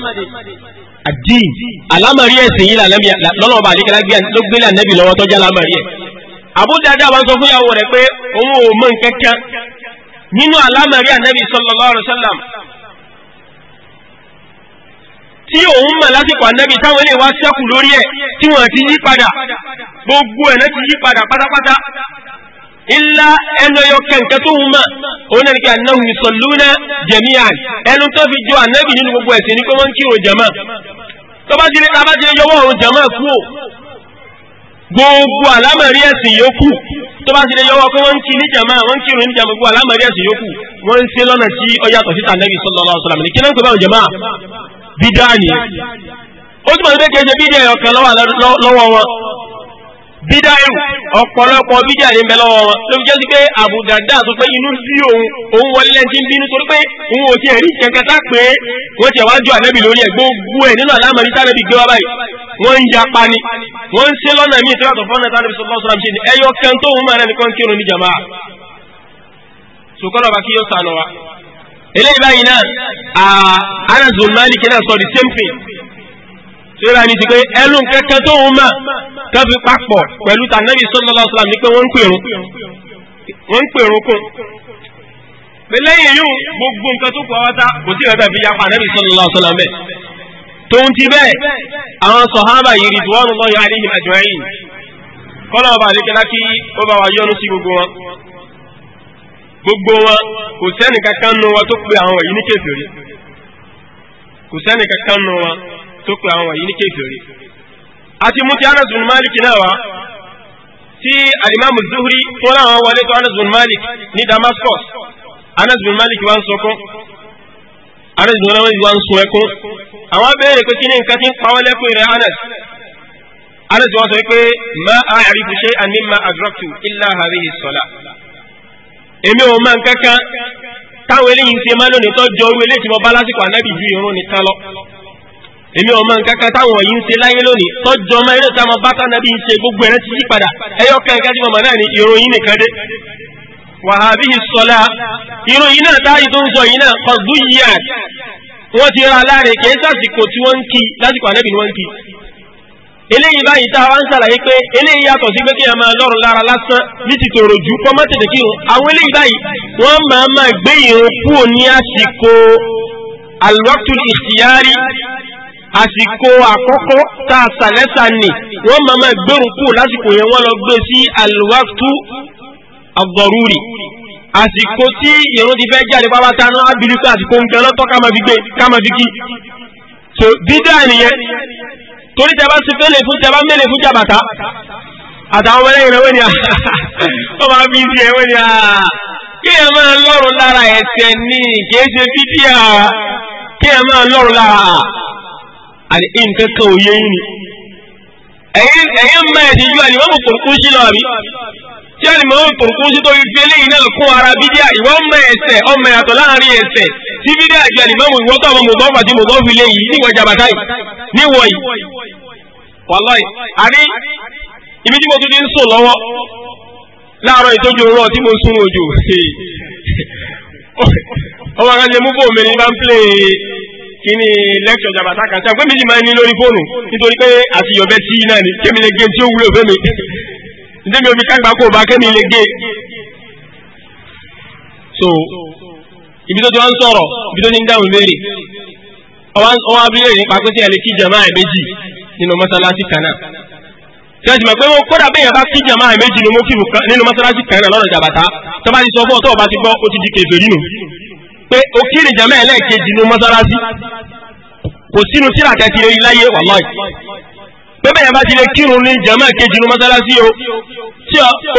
àdín alámàrí ẹ̀sìn yìí lọ́nà ọba àdíkẹ́lá ló gbélé ànẹ́bì lọ́wọ́ tọ́jú alámàrí ẹ̀ àbúdájá wa sọ fún ìyàwó rẹ̀ pé òun ò mọ̀ nǹkan kan nínú alámàrí ànẹ́bì sallallahu alaihi wasallam tí òun mọ̀ lásìkò ànẹ́bì táwọn ilé wa ṣẹ́kù lórí ẹ̀ tí wọ́n ti yí padà gbogbo ẹ̀ náà ti yí padà pátápátá illa ẹnu ẹyọ kẹ̀kẹ́ tó ń mọ̀ òun náà ní kí anáhùn ìsọ̀lúnà jẹ̀míàn ẹnu tó fi jọ anábì nínú gbogbo ẹ̀sìn ní pé wọ́n ń jẹ̀mọ́ tó ti lé tá a bá ti lé yọwọ́ òun jẹ̀mọ́ kú o gbogbo àlámọ̀rí ẹ̀sìn yòókù tó bá ti lé yọwọ́ pé kí ní jẹ̀mọ́ wọ́n ń ní jẹ̀mọ́ gbogbo àlámọ̀rí ẹ̀sìn yòókù wọ́n ṣe lọ́nà tí ó sí bídáyù ọ̀pọ̀lọpọ̀ bídíà ní bẹ̀lọ́ wọn ló fi jẹ́ pé Abu Darda sọ pé inú bí òun òun wọlé lẹ́yìn tí ń bínú torí pé òun ò tiẹ̀ rí kẹ̀kẹ́ tá pé wọ́n tiẹ̀ wájú ànábì lórí ẹ̀ gbogbo ẹ̀ nínú àlámọ̀ ní sábẹ́bí gbé wá báyìí wọ́n ń ya pani wọ́n ń ṣe lọ́nà míì tíwátọ̀ fọ́nà sábẹ́bí sọ́kọ́ sọ́ra ṣe ni ẹyọ kan tó ń máa nìkan kírun ní jàmá sùkọ́lọ̀ bá kí yóò sànù wa eléyìí báyìí náà Anas bin Malik náà sọ the same ṣéra ni ti pé ẹlùn kẹ́kẹ́ tó ń mà kán fi papọ̀ pẹ̀lú tànàbí sallallahu alaihi wasallam ní pé wọ́n ń pèrún wọ́n ń pèrún kún pé lẹ́yìn yóò gbogbo nǹkan tó kù ọ́ta kò sí ìrẹ́ta fi yapa ànábì sallallahu alaihi wasallam bẹ́ẹ̀ tó ń ti bẹ́ẹ̀ àwọn sọ̀hábà yìí rí wọ́n lọ́ yọ àdéhìn àjọyìn kọ́lọ́ ọba àdékẹ́lá kí ó bá wa yọ́nú sí gbogbo wọn gbogbo wọn kò sẹ́ni nu wọn tó pe àwọn èyí ní kèfèrí kò sẹ́ni nu wọn tó pe àwọn wọ̀nyí ní kéfèrè àti mú ti Anas bin Malik náà wá tí alimamu Zuhri tó láwọn wọlé tó Anas bin ní Damascus Anas bin Malik wá ń sọkún Anas bin Malik wá ń sun ẹkún àwọn béèrè pé kí ni nǹkan ti ń pawọ́ lẹ́kùn rẹ̀ Anas Anas wọ́n sọ pé ma a'rifu shay'an mimma adraktu illa hadhihi as-salah èmi ò máa ń kankan táwọn eléyìí ń ṣe máa lónìí tó jọ orú eléyìí tí mo bá lásìkò ànábì ju ìrún nìkan lọ èmi ọmọ nǹkan kan táwọn yìí ń ṣe láyé lónìí tọjọ ọmọ ilé táwọn bá tánàbí ń ṣe gbogbo ẹ̀rẹ́ ti yí padà ẹyọ kẹ́kẹ́ tí mọ̀mọ́ náà ní ìròyìn nìkan dé wàhábí sọlá ìròyìn náà táyì tó ń sọ yìí náà kọ̀dú yíyà wọ́n ti ra láre kìí sàsìkò tí wọ́n ń kí lásìkò ànẹ́bì ni wọ́n ń kí eléyìí báyìí tá a wá ń ṣàlàyé pé eléyìí yàtọ̀ sí pé kí a máa lọ́rùn lára lásán ní ti tòrò jù kọ́ mọ́ tètè kírun àwọn eléyìí báyìí wọ́n máa máa gbé ìrun kúrò ní àsìkò alwaqtul ikhtiyari àsìkò àkọ́kọ́ tá a sàlẹ́sà nì wọ́n máa máa gbẹ̀rún kù lásìkò yẹn wọ́n lọ gbé sí alwaktu ad-daruri àsìkò tí ìrún ti fẹ́ jáde bá bá ta náà abilikọ àsìkò ń gbẹ lọ́tọ́ káma fi gbé káma fi kí so dídá nìyẹn torí tẹ bá ti fẹ́lẹ̀ fún tẹ bá mẹ́lẹ̀ fún jàbàtà àtàwọn ọmọ ẹlẹ́yìn lọ́wọ́ ni à ó máa fi ti ẹ̀wọ́ ni à ah, kí ẹ máa lọ́rùn lára ẹ̀sẹ̀ ní kì í ṣe fídíà kí ẹ máa lọ́rùn lára àní ìǹkẹ́kẹ́ òye yín ni ẹ̀yin eyi ti yú àníwọ́n mú kòròkúnṣí lọ àbí tí àníwọ́n mú kòròkúnṣí tó fi eléyìí náà kó ara bídíà ìwọ́n mẹ́ ẹsẹ̀ ọmọ ìyàtọ̀ láàrin ẹsẹ̀ tí ese ju àníwọ́n mú ìwọ́tọ̀ ọmọ mọ̀gbọ́n pàtí mọ̀gbọ́n fi léyìí níwọ̀ jàbátá yìí níwọ̀ yìí wàláì ibi tí mo tún ti ń sùn tí mo kíní lẹ́kṣọ̀ jàbàtà kan tẹ́ fẹ́mi jì máa ní lórí fóònù nítorí pé àti yọ̀bẹ sí iná ni kémi lè gé tí ó wúlò fẹ́mi ndémi omi kágbá kó o bá kémi lè gé. so ibi tó ti wá ń sọ̀rọ̀ ibi tó ti ń dáhùn léèrè ọwọ́ abúlé nípa pé tí ẹ lè kí jàmáà ẹ̀ méjì nínú mọ́sálásí kan náà tí a sì mọ̀ pé wọn kódà bẹ́ẹ̀ yẹn bá kí jàmáà ẹ̀ méjì nínú mọ́sálásí kan náà lọ́dọ̀ jàbàtà tó bá sọ fún ọ tó o bá ti gbọ́ ó ti di kèfèrí nù. pé ó kírun jàmá ẹlẹ́ẹ̀kejì ní mọ́sálásí kò sínú síra kẹkẹrẹ iláyé wàláì pé bẹ́ẹ̀ bá ti lè kírun ní jàmá kejì ní mọ́sálásí o tí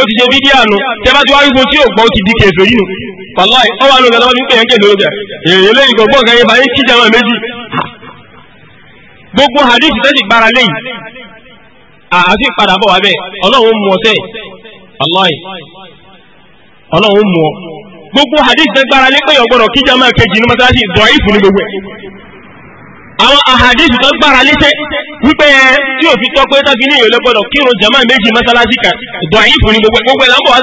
ti ṣe fídíò tẹ́ bá ti wá wípé tí gbọ́ ti di kẹfẹ́ yìí nù wàláì ti ń pè yẹn kẹfẹ́ lóde èèyàn lẹ́yìn gbọ́gbọ́n kan bá yín kí jàmá méjì gbogbo tẹ́sí gbára lẹ́yìn àti padà bọ̀ wá bẹ́ẹ̀ ọlọ́run mú ọ gbogbo hadith gbẹgbára lé pé ọgbọdọ ki máa kejì ní mọ́sálásí dọ̀ọ́yì fún ní gbogbo ẹ̀ àwọn ahadith tó wípé ẹ tí fi tọ́ pé ní ìyọ̀lẹ́ jama méjì gbogbo gbogbo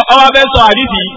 ẹ̀ sàlàyé fún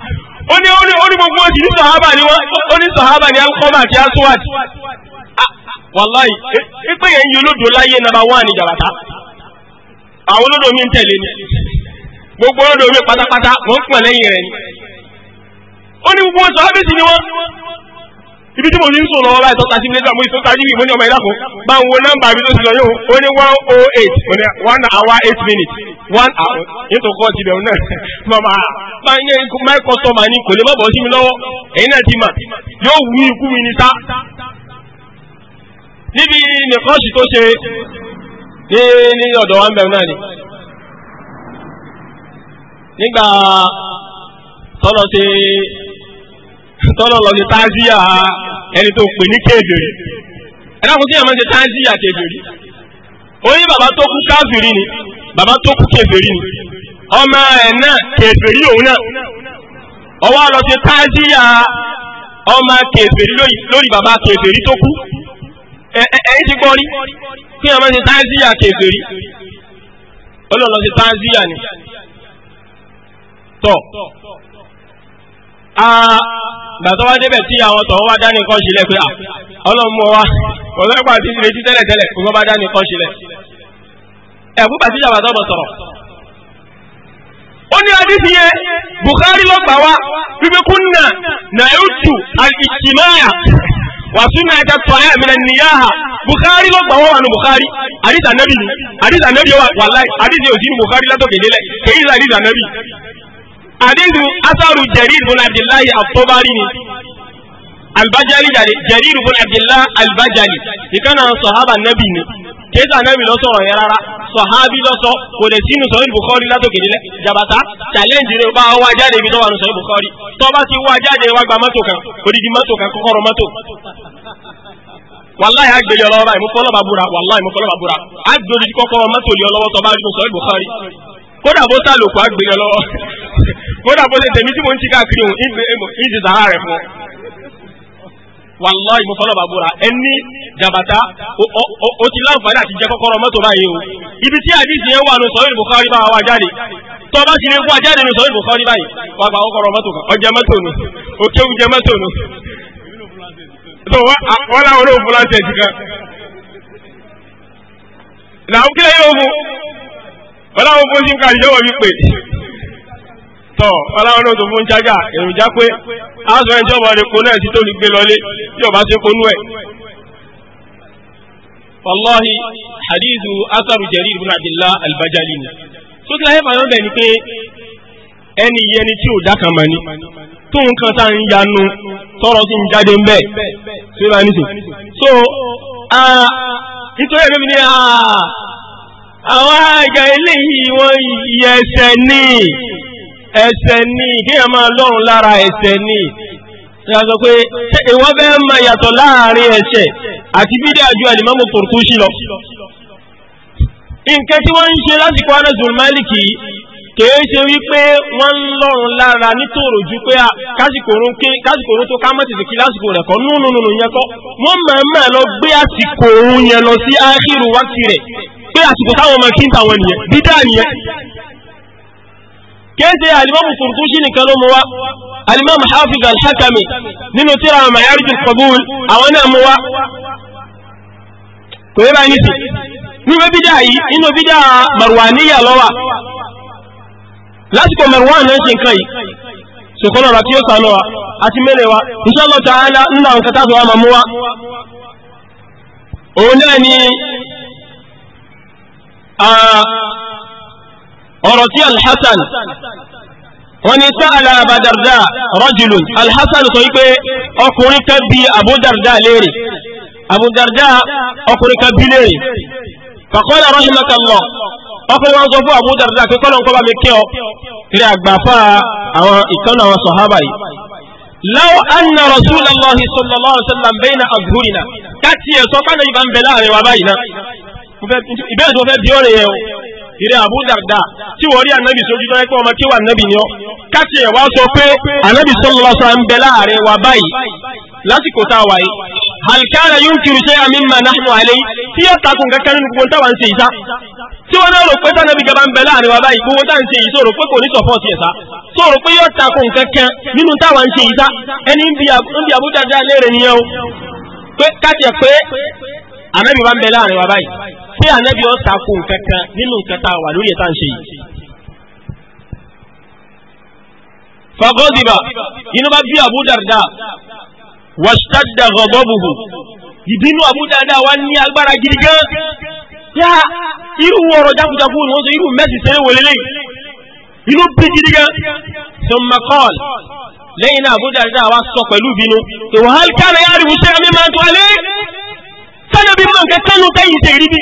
ó ní ó ní gbogbo wọn ti ní sọ̀hábà ni wọ́n ó ní sọ̀hábà ni alukọ́mà àti aswad ah, wàláyé ipe yẹn yìí olódò láyé nàbà gbogbo olódò mi patapata wọ́n ń pọ̀ ni ó gbogbo ni ibi tí mo ti sùn lọ́wọ́ báyìí tọ́ta sí ilé ìgbà mo ti tọ́ta níbi ní ọmọ ìlà bá ń wo nọ́mbà mi tó ti lọ yóò ó ní one oh eight ó ní one hour eight minutes one hour nítorí kọ́ ti bẹ̀rù náà mama bá ń yẹ my customer ni kò lè má bọ̀ sí mi lọ́wọ́ èyí náà ti mà yóò wú ikú mi ní sá. níbi nìkọ́sì tó ṣe ní ọ̀dọ̀ wa ń bẹ̀rù náà ni nígbà tọ́lọ́ ṣe tọ́lọ̀ lọ sí táàzíyà ẹni tó pè ní kéèbèrè ẹ̀dàkùn kí ẹ̀mọ́ ṣe táàzíyà kéèbèrè ó ní tó kú káfìrí ni bàbá tó kú kéèbèrè ni ọmọ ẹ̀ náà kéèbèrè òun náà ọwọ́ lọ sí táàzíyà ọmọ kéèbèrè lórí bàbá kéèbèrè tó kú ẹ̀yìn ti gbọ́ rí kí ṣe táàzíyà kéèbèrè ó sí táàzíyà ni tọ́ Ah, gbàtọ́ wá débẹ̀ tí àwọn tọ̀wọ́ wá dání kan sílẹ̀ pé ah, ọlọ́run mọ́ wa ọ̀lọ́pàá ti retí tẹ́lẹ̀ tẹ́lẹ̀ kò wọ́n bá dání kan sílẹ̀ ẹ̀bú bàtí ìjà bàtọ́ bọ̀ sọ̀rọ̀. ó ní adífi yẹn Bukhari ló gbà wá wípé kúnnà nàìjù àìkìmáyà wà súnmọ́ ẹ̀ka tọ́yà mìíràn níyàhà Bukhari ló gbà wá wà ní Bukhari àdìsà nàbì ni àdìsà nàbì wà láì àdìsà òsì ní Bukhari látọ̀kẹ̀dẹ́lẹ̀ kèyí àdéhùn asaru jarir bun abdullahi àtọ́bárí ni albajali jari jarir bun abdullahi albajali ìkànnà sọ̀hábà nàbì ni kéésà nàbì ló sọ̀rọ̀ yẹn rárá sọ̀hábì ló sọ kò lè sínú sọ̀rọ̀ bukhari látòkè nílẹ̀ jabata challenge rẹ̀ bá wá jáde ibi tó wà ní sọ̀rọ̀ bukhari tó bá ti wá jáde wá gba mọ́tò kan odidi mọ́tò kan kọ́kọ́rọ́ mọ́tò wàláyé agbèlè ọlọ́wọ́ báyìí mo fọlọ́ bá búra wàláyé mo fọlọ́ bá búra agbèlè kọ́kọ́rọ́ mọ́tò lé ọlọ́wọ́ tó bá rí kódà bó sálòkù àgbèyàn lọ́wọ́ kódà bó ṣe tèmi tí mo ń ti káàkiri òun ìdí sàárà rẹ̀ fún wàláì mo fọlọ́ bàbúrà ẹni jàbàtà ó ti láǹfààní àti jẹ kọ́kọ́rọ́ mọ́tò báyìí o ibi tí àdìsí yẹn wà ló sọ yìí Bukhari bá wa jáde tó bá ti lè fún àjáde ló sọ wà gba kọ́kọ́rọ́ mọ́tò kan mọ́tò òkè mọ́tò wọ́n láwọn ọláwọn fún sim card ìjọba mi pè tọ ọláwọn náà tó fún jágà èròjà pé aṣọ ìjọba rẹ kó náà sí tó lè gbé lọlé tí ọba ṣe kónú ẹ. wàláhi Hadizu, asaru ibn albajali ni tó ti láyé fàánù bẹ́ẹ̀ ni pé ẹni yẹn ni tí ò dá kan mà ní tó tọrọ sí ń jáde ń bá ní so nítorí ẹ̀mí mi ni àwọn àjà eléyìí wọ́n yí ẹsẹ̀ ní ẹsẹ̀ ní kí ẹ máa lọ́rùn lára ẹsẹ̀ ní ṣàtọ̀ pé ìwọ́n fẹ́ máa yàtọ̀ láàrin ẹsẹ̀ àti bídẹ́ àjọ àlìmọ́mù Qurtubi lọ nǹkan tí wọ́n ń ṣe lásìkò Anas Maliki kìí ṣe wípé wọ́n ń lọ́rùn lára nítorò ju pé kásìkò orun tó ká mọ́ tètè kí lásìkò rẹ̀ kọ́ nínú nínú yẹn kọ́ wọ́n máa lọ gbé àsìkò yẹn lọ sí áhírù wákìtì rẹ̀ pé àsìkò táwọn ọmọ kí ń tàwọn nìyẹn dídá nìyẹn kéèsè alimami Qurtubi nìkan ló mú wa alimami Hafiz al-Hakami nínú tíra àwọn Ma'arijul Qabul àwọn náà mú wa kò yẹ báyìí nìsí nínú bídá yìí nínú bídá Marwaniya lọ́wà lásìkò Marwan náà ṣe nǹkan yìí sòkòlò ọ̀rọ̀ tí ó sànú wa àti mẹ́lẹ̀ wa insha Allah ńlá nǹkan tá a máa mú wa òun náà ni ọ̀rọ̀ tí alhassan wọ́n ní sáàlà àbàdàrdà rajulun alhassan sọ wípé ọkùnrin kan bí àbúdàrdà léèrè àbúdàrdà ọkùnrin kan bí léèrè faqala rahimakallah ọkùnrin wọn sọ fún àbúdàrdà pé kọ́lọ̀ nǹkan bá mi kí ọ àgbàfà àwọn ìkànnà àwọn sọ̀hábà yìí law anna rasulallahi sallallahu alaihi wasallam bayna azhurina káàkiri ẹ̀sọ́ pàdé ìbá ń bẹ láàrin wa báyìí náà ìbéèrè tó fẹ́ bí ọ̀rẹ́ yẹn o ìrẹ́ Abu tí wọ́n rí ànábì sójú tó yẹ pé ọmọ kíwà ànábì ni ọ́ káṣí ẹ̀ wá sọ pé ànábì sallallahu alaihi wasallam ń bẹ láàrin wa báyìí lásìkò tá a wà yìí hal kana yunkiru shay'an mimma nahnu alayhi tí yẹ takùn kankan nínú gbogbo táwa ń ṣe yìí sá tí wọ́n náà rò pé tànàbí gaba ń bẹ láàrin wa báyìí gbogbo táwa ń ṣe yìí sọ̀rọ̀ pé kò ní sọ̀pọ̀tì ẹ̀ sá sọ̀rọ̀ pé yóò takùn kankan nínú táwa ń ṣe yìí sá ẹni ń bi Abu Darda léèrè nìyẹn o pé káṣí pé ànábì wa ń bẹ láàrin wa báyìí pé ànábì ọ̀ takò kankan nínú nǹkan tá a wà lórí ẹ̀ta ń ṣe yìí. fagọ́dìbà inú bá bí Abu Darda wàṣítàdà ghadabuhu ìbínú Abu wa ní agbára gidi gan yá irú ọ̀rọ̀ jákujáku ni wọ́n sọ irú mẹ́sì sẹ́yìn wọlé lẹ́yìn inú bí gidi gan summa qala lẹ́yìn náà Abu Darda wa sọ pẹ̀lú ìbínú ìwà hàn kánà yára ìwúṣẹ́ mi máa tó alẹ́ sanabi mọ̀ nǹkan kánú kẹ́yìn ṣe rí bí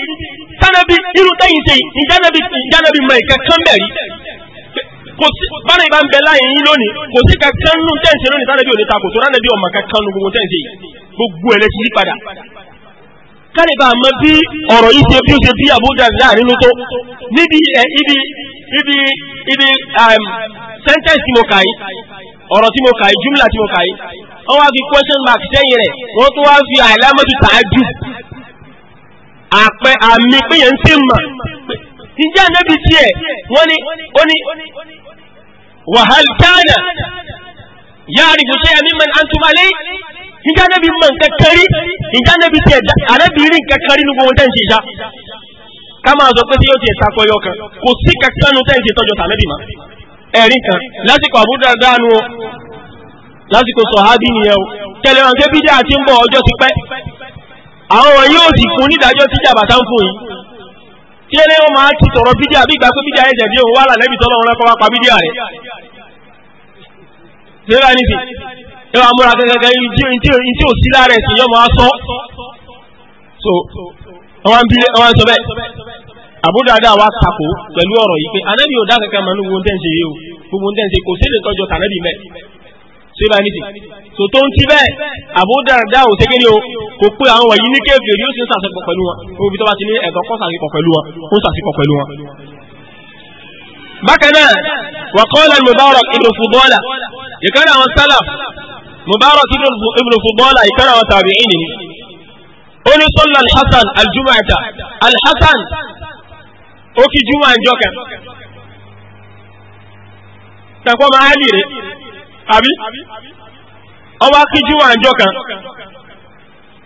ìjánabi irú tẹ́yìn ṣe ìjánabi ìjánabi mọ ìkankan mẹ́rin kò sí bára ìbá ń bẹ láyé yín lónìí kò sí kankan nù tẹ́ǹsì lónìí tánàbí òní takò tó ránàbí ọmọ kankan nù gbogbo tẹ́ǹsì yìí gbogbo ẹ̀ lẹ́sí yí padà. kálíbà mọ bí ọ̀rọ̀ yìí ṣe bí ó ṣe bí àbújá náà nínú tó níbi ẹ̀ ibi ibi ibi um, sẹ́ńtẹ́ǹsì mo kà yìí ọ̀rọ̀ tí mo kà yìí júmùlà tí mo kà yìí wọ́n wá fi question mark sẹ́yìn rẹ̀ wọ́n tún wá fi àìlámọ́tò tààjú àpẹ àmì péyàn ti mà ǹjẹ́ ànábì tiẹ̀ wọ́n ní ó ní wàhálì káàdà yáàrí bùsọ yà mímọ àtúmọlé ǹjẹ́ ànábì mọ nǹkan kẹrí ǹjẹ́ ànábì tiẹ̀ ànábì rí nǹkan kẹrí ní gbogbo tẹ́ǹsì ìṣá ká máa sọ pé tí yóò tiẹ̀ sakọyọ kan kò sí kankanu tẹ́ǹsì tọ́jọ tànábì mọ́ ẹ̀rí kan lásìkò àbúdá dánú o lásìkò sọ̀hábì nìyẹn o tẹ̀lé àwọn yóò sì fún nídàájọ́ tí jàbàtà ń fún yìí tí ẹni wọn máa ti sọ̀rọ̀ bídíà bí ìgbà pé bídíà ẹ̀jẹ̀ bí òun wà lálẹ́ ibi tọ́lọ́run rẹ́pọ̀ wá pa bídíà rẹ̀ ṣẹlẹ̀ níbi ẹ wàá múra kẹkẹkẹ ní tí ò sí lára ẹ̀sìn yọmọ á sọ so wọn bí wọn sọ bẹ́ẹ̀ àbúdáadáa wa tako pẹ̀lú ọ̀rọ̀ yìí pé anábì ò dá kẹkẹ mọ́ ní gbogbo ń tẹ̀ ń ṣe yìí o gbogbo ń tẹ̀ ń ṣe kò sí ṣé bá ní ti so tó ń ti bẹ́ẹ̀ Abu Darda ò ṣégé ni o kò pé àwọn wọ̀nyí ní kéèké yóò ṣe ń sàṣepọ̀ pẹ̀lú wọn òbí tó bá ti ní ẹ̀tọ́ kọ́ sàṣepọ̀ pẹ̀lú wọn ó sàṣepọ̀ pẹ̀lú wọn. bákan náà wa qala Mubarak ibn Fudala ìkànnì àwọn sálàf Mubarak ibn Fudala ìkànnì àwọn tàbíìn ni ó ní sọ́lá alhassan aljumata alhassan ó kí juma ń lè rè àbí ọba kíjú wà njọ kan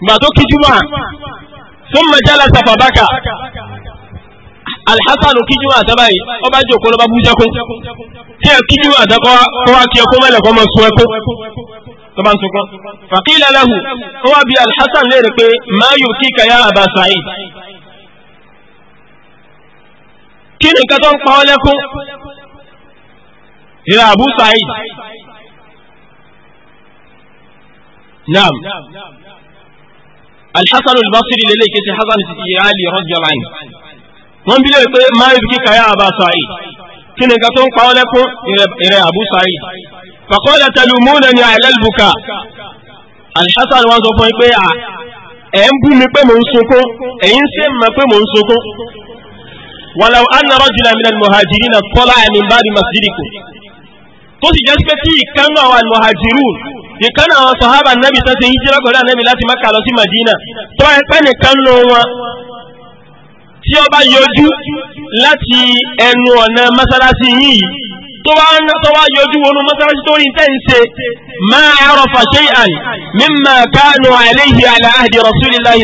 gbà tó kíjú wà fún mẹjálà sàfàbákà alhassan kíjú wà sábà yìí ọba jòkó lọba bú jẹkún tí ẹ kíjú wà dákọ kó wá kí ẹkún mẹlẹ kọ mọ sún ẹkún tọba ń sunkún fàkílẹ lẹhùn ó wá bí alhassan léèrè pé máa yóò kí kàyà àbá sa'id kí ni nǹkan tó ń pa ọ lẹ́kún ìrà àbú naam alḥasan olùbásírì lélẹ̀ kejì hasan ti yẹ ali rọ́jọ́lá yìí wọ́n bí lẹ́yìn pé máa yìí kíkà yá àbá sàáyì kí ni gàtó ń pa ọ́ lẹ́kún ìrẹ̀ àbú sàáyì fàkọ́lẹ̀ tẹ̀lú múnà ní àìlẹ́lùbùkà alḥasan wọn sọ fún mi pé ẹ̀ ń bú mi pé mò ń sunkún ẹ̀yin sì mọ̀ pé mò ń sunkún wàlàwọ̀ anna rọ́jùlá mi nà muhajirina tọ́lá ẹ̀ tó sì jẹ́ pé tí ìkánú àwọn almuhajiru ìkánú àwọn sọ̀hábà nábì tó ti hijira pẹ̀lú ànábì láti Mákà lọ sí Madina tó ẹ pẹ́ nìkan nù wọn tí ó bá yọjú láti ẹnu ọ̀nà mọ́sálásí yìí tó wá yọjú wọnú mọ́sálásí tó rí tẹ́ǹsẹ̀ máa arafa shay'an mimma kanu alayhi ala ahdi rasulillahi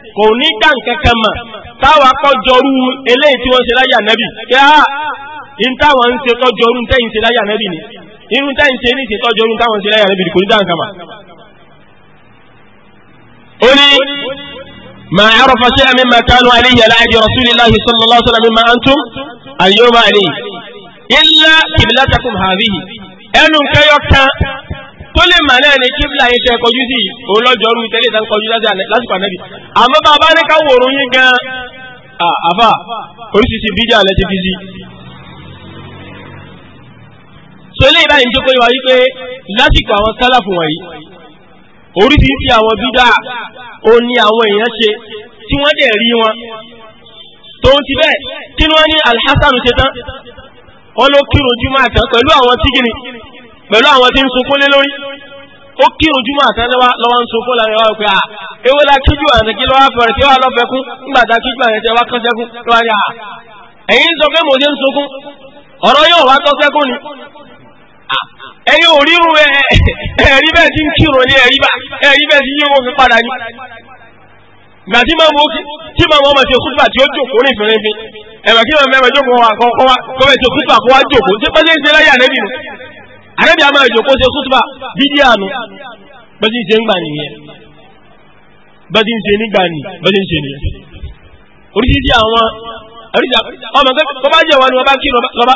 kò ní dá nǹkan kan mà táwa kọjọrú eléyìí tí wọ́n ṣe láyà nẹ́bì kí á in táwọn ń ṣe kọjọrú tẹ́yìn ṣe láyà nẹ́bì ni irú tẹ́yìn ṣe ní ṣe kọjọrú táwọn ṣe láyà nẹ́bì kò ní dá nǹkan mà. ó ní ما عرف شيئا مما كانوا عليه على عهد رسول الله صلى الله عليه وسلم مما أنتم اليوم عليه إلا قبلتكم هذه ẹnu kẹyọ kan tó lè mà náà ni kíbla yín tẹ kọjú sí òun lọ́jọ́ rú tẹ́lẹ̀ tán kọjú lásìkò ànábì àmọ́ bá a bá ní ká wòrán yín gan àfà oríṣiríṣi bíjà lẹ ti fi sí. so eléyìí báyìí ń jókòó yìí wá wípé lásìkò àwọn sálàfù wọ̀nyí oríṣiríṣi àwọn bíjà ò ní àwọn èèyàn ṣe tí wọ́n dẹ̀ rí wọn tòun ti bẹ́ẹ̀ kí ni wọ́n ní alhassan ṣe tán wọ́n ló kírun jùmọ̀ àtàn pẹ̀lú àwọn tígìnì pẹ̀lú àwọn tí ń sunkún lé lórí ó kí ojúmọ́ àtẹ́lẹ́wá lọ́wọ́ ń sunkún lára ìwà òpin à ewé la kíjú àti kí lọ́wọ́ fẹ̀rẹ̀ tí wà lọ́fẹ̀ẹ́ kún nígbà tá kíjú àti ẹ̀wá kán sẹ́kún lọ́wọ́ ni à ẹ̀yin sọ pé mo ṣe ń sunkún ọ̀rọ̀ yóò wá tọ́ sẹ́kún ni ẹ̀yin ò rí irun ẹ̀rí bẹ́ẹ̀ ti ń kírun ní ẹ̀rí bá ẹ̀rí bẹ́ẹ̀ ti yí owó fi padà ní. ìgbà tí máa mú tí máa mú ọmọ ṣe kúrúbà tí ó jókòó ní ìfìrìnfín ẹ̀rọ kí máa mẹ́rin jókòó wa kọ́kọ́ wa kọ́kọ́ ṣe kúrúbà kó wa jókòó ṣé pẹ́sẹ́ àrẹ́bí àmọ́ ìjòkó ṣe kútùbà dídí àánú bọ́sí ń ṣe ń gbà nìyẹn bọ́sí ń ṣe nígbà nì bọ́sí ń ṣe nìyẹn oríṣiríṣi àwọn ọmọ tó bá jẹ́ wọn ni wọ́n bá kírun lọ́ba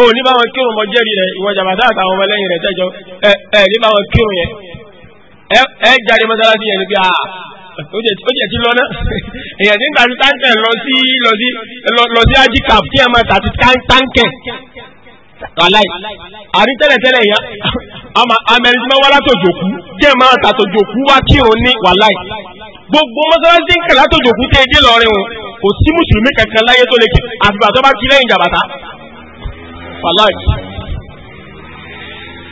ò ní bá wọn kírun mọ jẹ́rìí rẹ̀ ìwọ jàbàtà àtàwọn ọmọ lẹ́yìn rẹ̀ tẹ́jọ ẹ ẹ ní bá wọn kírun yẹn ẹ ẹ ah, ń tàbí táǹkẹ̀ lọ sí lọ sí lọ máa tàbí táǹkẹ̀ aláì àrí tẹ́lẹ̀tẹ́lẹ̀ yẹn amẹ́rin tí wọ́n wá látòjòkú kí ẹ máa tàtòjòkú wá kí òun ní wàláì gbogbo mọ́sálásí ń kà látòjòkú tẹ́ ẹdí lọ́rin o kò sí mùsùlùmí kankan láyé tó lè kí àfìgbà tó bá kí lẹ́yìn jàbàtà wàláì.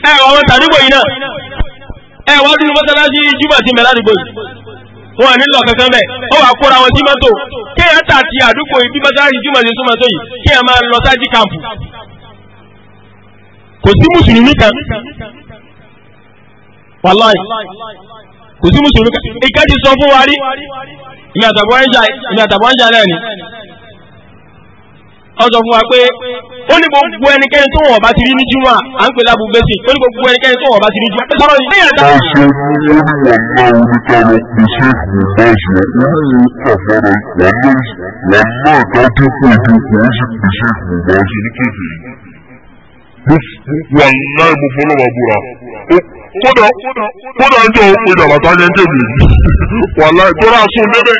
ẹ ọmọ tàdúgbò yìí náà ẹ wá dúró mọ́sálásí júbà sí mẹ́lá àdúgbò yìí wọn ní lọ kankan bẹ́ẹ̀ ó wàá kóra wọn sí mọ́tò kéèyàn tàti àdúgbò yìí bí mọ́sálásí júbà sí súnmọ́tò yìí kéèyàn máa lọ sáájì kàmpù kò sí mùsùlùmí kan wàláì kò sí mùsùlùmí kan ìka ti sọ fún wa rí ìmì àtàbọ̀ ń jà ni ó sọ fún wa pé ó ní gbogbo ẹnikẹ́ni tó wọ̀ bá ti rí ní júmọ́ à ń pè lábú gbèsè ó ní gbogbo ẹnikẹ́ni tó wọ̀ bá ti rí júmọ́ sọ̀rọ̀ ní ìyá ní wọn wàláì mo fọlọ́ búra kódà kódà ń jọ òpin ìdàbàtà yẹn tẹ̀ mí wàláì tó rà sùn débẹ̀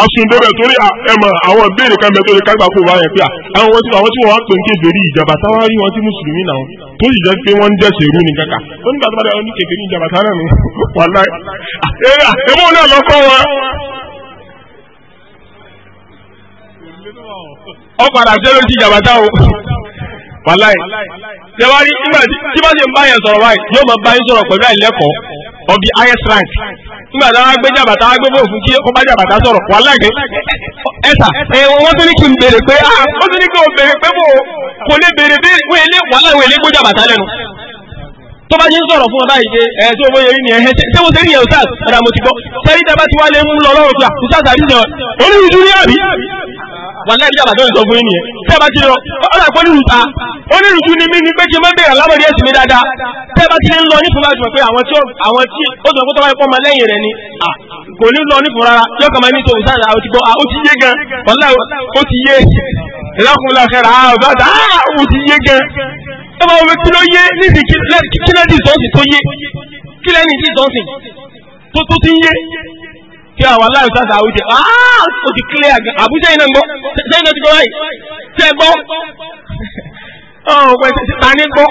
asundọ́rẹ̀ torí ẹ̀mọ̀ àwọn ìbéèrè kan bẹ́ẹ̀ tó lè kágbà kó o yẹn pé à àwọn tí àwọn tí wọ́n wá pè ń kébèrè ìjàmbá táwa rí wọn tí mùsùlùmí náà tó sì jẹ́ pé wọ́n ń ìrú ní nígbà tó bá ní ìjàmbá táwa náà lọ wọn. ọ padà jẹ́ ìjàmbá táwọn wàláì tẹwárí tí bá ṣe ń bá yẹn sọ̀rọ̀ báyìí yóò máa bá yín sọ̀rọ̀ pẹ̀lú àìlẹ́kọ̀ọ́ of the highest rank nígbà tí wọ́n gbé jàbàtà wọ́n gbé bóun fún kí ó bá jàbàtà sọ̀rọ̀ wàláì pé ẹ̀sà wọ́n tún ní kí n béèrè pé ah, wọ́n tún ní kí n béèrè pé mo kò lè béèrè bí wọ́n wàláì wọ́n lè gbé jàbàtà lẹ́nu tó bá ṣe ń sọ̀rọ̀ fún ọ báyìí ṣe ẹ̀ tó bóyá ní ẹ̀hẹ́ ṣé mo sẹ́yìn yẹn ọ̀sán àdàmọ̀ ti gbọ́ sẹ́yìn tí a bá ti wá lé ń lọ lọ́rùn pé àkùsà sàbí jẹun oníyìí dúró yàrá wàlẹ́ ìdí àbàdàn sọ fún yín nìyẹn tẹ́ ẹ bá ti lọ ọ̀rọ̀ àpò onírùta onírùtú ni mí ni pé kí n má bẹ̀rẹ̀ alámọ̀rí ẹ̀sìn mi dáadáa tẹ́ ẹ bá ti lè ń lọ nífun láti mọ̀ pé àwọn tí àwọn tí ó sọ pé tọ́wọ́ ẹ̀kọ́ ọmọ lẹ́yìn rẹ̀ ni kò ní lọ nífun rárá yóò kàn máa ní tó ìsáàlà ó ti gbọ́ ó ti yé gan wàlẹ́ ó ti yé ìlàkùnlá kẹrà ó ti yé gan ẹ máa wọ kí ló yé nídìí kí lẹ́ni ìsọ̀nsìn tó yé kí lẹ́ni ìsọ̀nsìn tó tó ti ń yé kí àwọn aláìsí àti àwọn ìjẹ aaa o ti clear gan àbújá iná gbọ́ sẹ́yìn náà ti gbọ́ báyìí tẹ́ gbọ́ ọ̀hún pẹ̀lú oh, ta ní gbọ́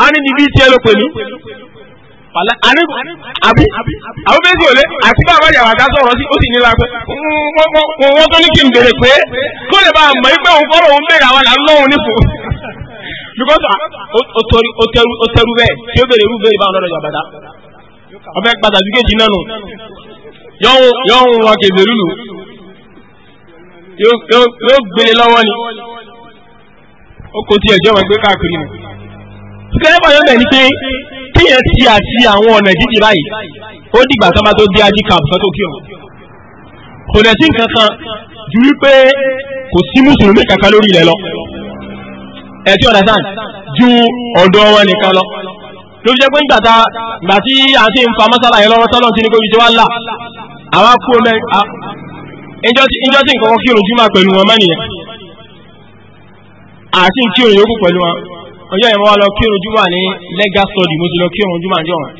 a ní bíbí tiẹ̀ ló pè mí àní àbí àwọn méjì ò lé àti bá àwọn yàrá dáṣọ ọ̀rọ̀ sí ó sì ní lágbó wọn tó ní kí n béèrè pé kó lè bá a mọ̀ pé òun fọ́rọ̀ òun béèrè àwọn àlọ́ òun nífò because ah, o tẹru bẹ́ẹ̀ tí ó béèrè irú béèrè báwọn lọ́dọ̀ yàrá bàdá ọbẹ̀ gbàdájú kejì náà nù yóò ń wọn kèdè lulu yóò gbélé lọ́wọ́ ni ó kò tiẹ̀ jọ́ wọn gbé káàkiri mu. sùkẹ́rẹ́ bàyọ̀ bẹ̀ ni pé kéèyàn ti àti àwọn ọ̀nà ìdíje báyìí ó dìgbà tó bá tó dé ají kàbù tó tó kí ọ. kò dẹ̀ sí nǹkan kan ju wípé kò sí mùsùlùmí kankan lórí ilẹ̀ lọ ẹtí ọ̀dà sàn ju ọ̀dọ̀ wọn nìkan lọ. ló fi jẹ́ pé ń gbàtà gbàtí àti ń fa mọ́sálà yẹn lọ́wọ́ sọ́lọ́ ti ní kó ibi tí wọ́n ń là àwọn kú ọmọ ìjọ tí nǹkan kí òun júmọ̀ pẹ̀lú wọn mẹ́nìyàn àti kí òun yòókù pẹ̀lú wọn ọjọ́ ìmọ̀ wa lọ kí òun júmọ̀ ní legal study mo ti lọ kí òun júmọ̀ jọ wọn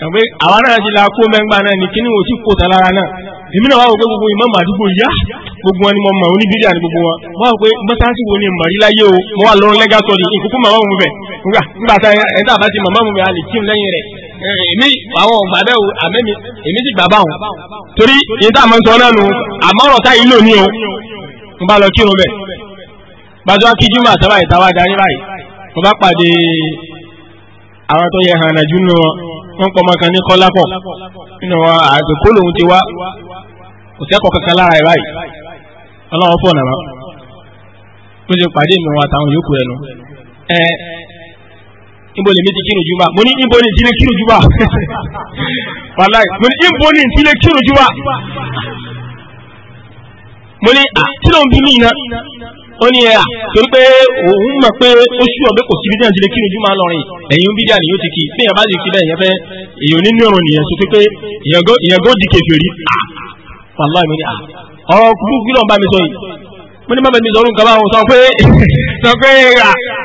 tàbí àwọn náà ti la kó mẹ́ngbà náà ní kíní wò tí kò tà lára náà èmi náà wá wò pé gbogbo ìmọ̀ màdúgbò yá gbogbo wọn ni mo mọ̀ oníbírí àti gbogbo wọn wọ́n wò pé mọ́sáàsì wo ni mọ̀rí láyé o mo wà lọ́rùn legal study ìkókó màmá mu bẹ̀ nígbà tá ẹ̀ ń tàbá ti màmá mu bẹ̀ a lè kí òun lẹ́yìn rẹ̀ Eh, èmi àwọn ọgbà bẹ́ẹ̀ o àmẹ́mi èmi ti gbà wọn torí yìí tá a máa ń sọ náà nù àmọ́ ọ̀rọ̀ táyì lò o n bá lọ kírun bẹ́ẹ̀ gbàdúrà kí báyìí mo bá pàdé àwọn tó yẹ hàn nù wọn ní níbo lèmi ti kírun júbà mo ní níbo ni ti lè kírun júbà wàláì mo ní níbo ni ti lè kírun júbà mo ní tí ah, ló ń bí mí iná ó ní ẹ̀ ah, à torí pé òun mọ̀ pé ó ṣú ọ̀bẹ kò síbi náà ti lè kírun júmọ̀ lọ́rin ẹ̀yìn bídíà ni yóò ti kí bí èèyàn bá lè kí bẹ́ẹ̀ yẹn fẹ́ èèyàn nínú ọ̀run nìyẹn sọ pé èèyàn gó di kèfèrí ah, wàláì mo ní à ọ̀rọ̀ kúkú náà bá mi sọ yìí mo ní má mi sọ orúkọ báwọn sọ pé sọ pé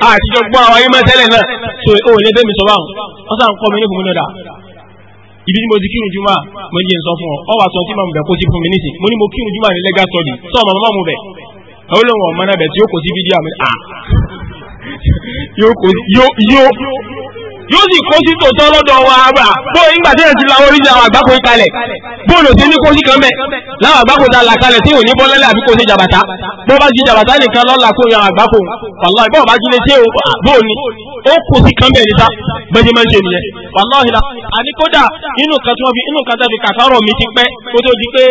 àtijọ́ gbọ́ àwọn ayé mọ́ náà so o lè bẹ́ẹ̀ mi sọ báwọn wọ́n sàn kọ́ mi ní ìbùmí lọ́dà ibi tí mo ti kírun juma mo jẹ́ sọ fún ọ ọ wà sọ tí màmú bẹ̀ kó sí fún mi nísì mo ní mo kírun juma So, ní lẹ́gà sọ́ọ̀dì sọ ọmọ màmá mu bẹ̀ ọ ló wọn mọ́nà bẹ̀ tí ah! yóò kó sí fídíò àmì à yóò yóò sì kó sí tòótọ́ lọ́dọ̀ wa àgbà bó ìgbà tí yẹn ti la orí àwọn àgbákò yìí kalẹ̀ bó lò sí ní kó sí kan bẹ́ẹ̀ láwọn àgbákò ta là kalẹ̀ tí òní bọ́ lẹ́lẹ̀ àbí kò sí jàbàtà bó bá jí jàbàtà nìkan lọ́la kó yan àgbákò wàláhì bó bá jí lé tí ò bó ni ó kó sí kan bẹ́ẹ̀ níta bẹ́ẹ̀ máa ń ṣe nìyẹn wàláhì la àní kódà inú kan tí wọ́n fi inú kan tẹ́bi kàfárọ̀ mi ti pẹ́ kó tó di pé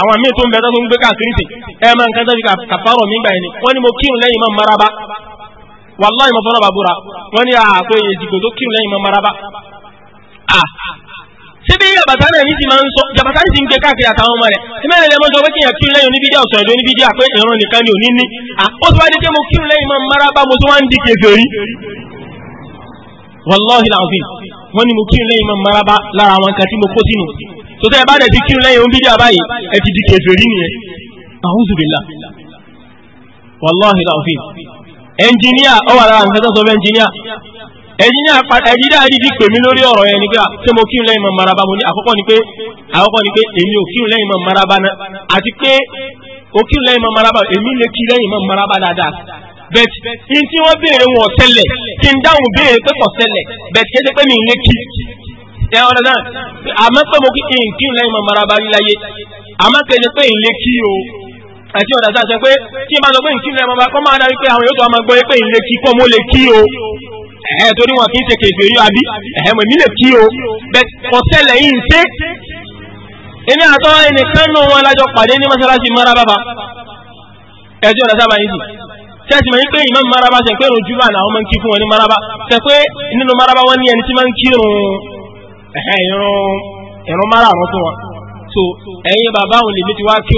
àwọn míì tó ń bẹ tó ń gbé káàkiri sí ẹ máa ń kan tẹ́bi kàfárọ̀ mi gbà yẹn ni wọ́n ní mo kírun lẹ́yìn máa maraba wàláì mọ̀ fọ́nà bàbúrà wọ́n ní ah, àpé ìdìgbò tó kírun lẹ́yìn mọ́ maraba. síbi ah. jàbàtà náà ní ti máa ń sọ jàbàtà ní ti ń gbé káàkiri àtàwọn ọmọ rẹ̀ tí mẹ́rin lẹ́mọ́ sọ pé kíyàn kírun lẹ́yìn oníbi díẹ̀ ọ̀sán ìlú oníbi díẹ̀ àpé ìran nìkan ni òní ní. Ah, ó ti wá dé pé mo kírun lẹ́yìn mọ́ maraba mo tó wá ń di kèfèrí. wàláhi làwọn wọ́n ní mo kírun lẹ́yìn mọ́ maraba lára àwọn kan tí mo kó sínú. tó ẹnjìníà ọwọ́ ara nǹkan tó sọ fún ẹnjìníà ẹnjìníà ẹnjìníà dídí pè mí lórí ọ̀rọ̀ yẹn ni pé ṣé mo kírun lẹ́yìn mọ́ maraba mo ní àkọ́kọ́ ni pé àkọ́kọ́ ni pé èmi ò kírun lẹ́yìn mọ́ maraba náà àti pé o kírun lẹ́yìn mọ́ maraba èmi lè kí lẹ́yìn mọ́ maraba dáadáa bẹ́ẹ̀ ní tí wọ́n béèrè wọn ọ̀sẹ̀lẹ̀ kí n dáhùn béèrè pé kọ̀sẹ̀lẹ̀ bẹ́ẹ̀ kéde pé mi ń kí ẹ ọ̀rọ̀ náà àmọ́ pé mo kí n kírun lẹ́yìn mọ́ maraba rí láyé àmọ́ kéde pé ń lé kí o àti ọ̀dà tá a sọ pé kí n bá sọ pé nkí ni ẹ máa bá kọ́ máa darí pé àwọn yóò tó máa gbọ́ pé n lè kí kọ́ mo lè kí o ẹ̀hẹ́ torí wọn kì í ṣe kèfé yóò àbí ẹ̀hẹ́ mo èmi lè kí o bẹ́ẹ̀ ọ̀sẹ̀lẹ̀ yìí ń ṣe èmi àtọ́ ẹnìkan nù wọn lájọ pàdé ní mọ́ṣáláṣí mara bàbá ọ̀dà sábà yìí sì tẹ́sí máa pé ìmọ̀ maraba ṣe pé irun júbà náà wọ́n máa ń kí fún wọn ní maraba ṣe pé nínú maraba wọ́n ní ẹni tí máa ń kí irun irun mara àrùn so ẹ̀yin bàbá òun lèmi ti wá kí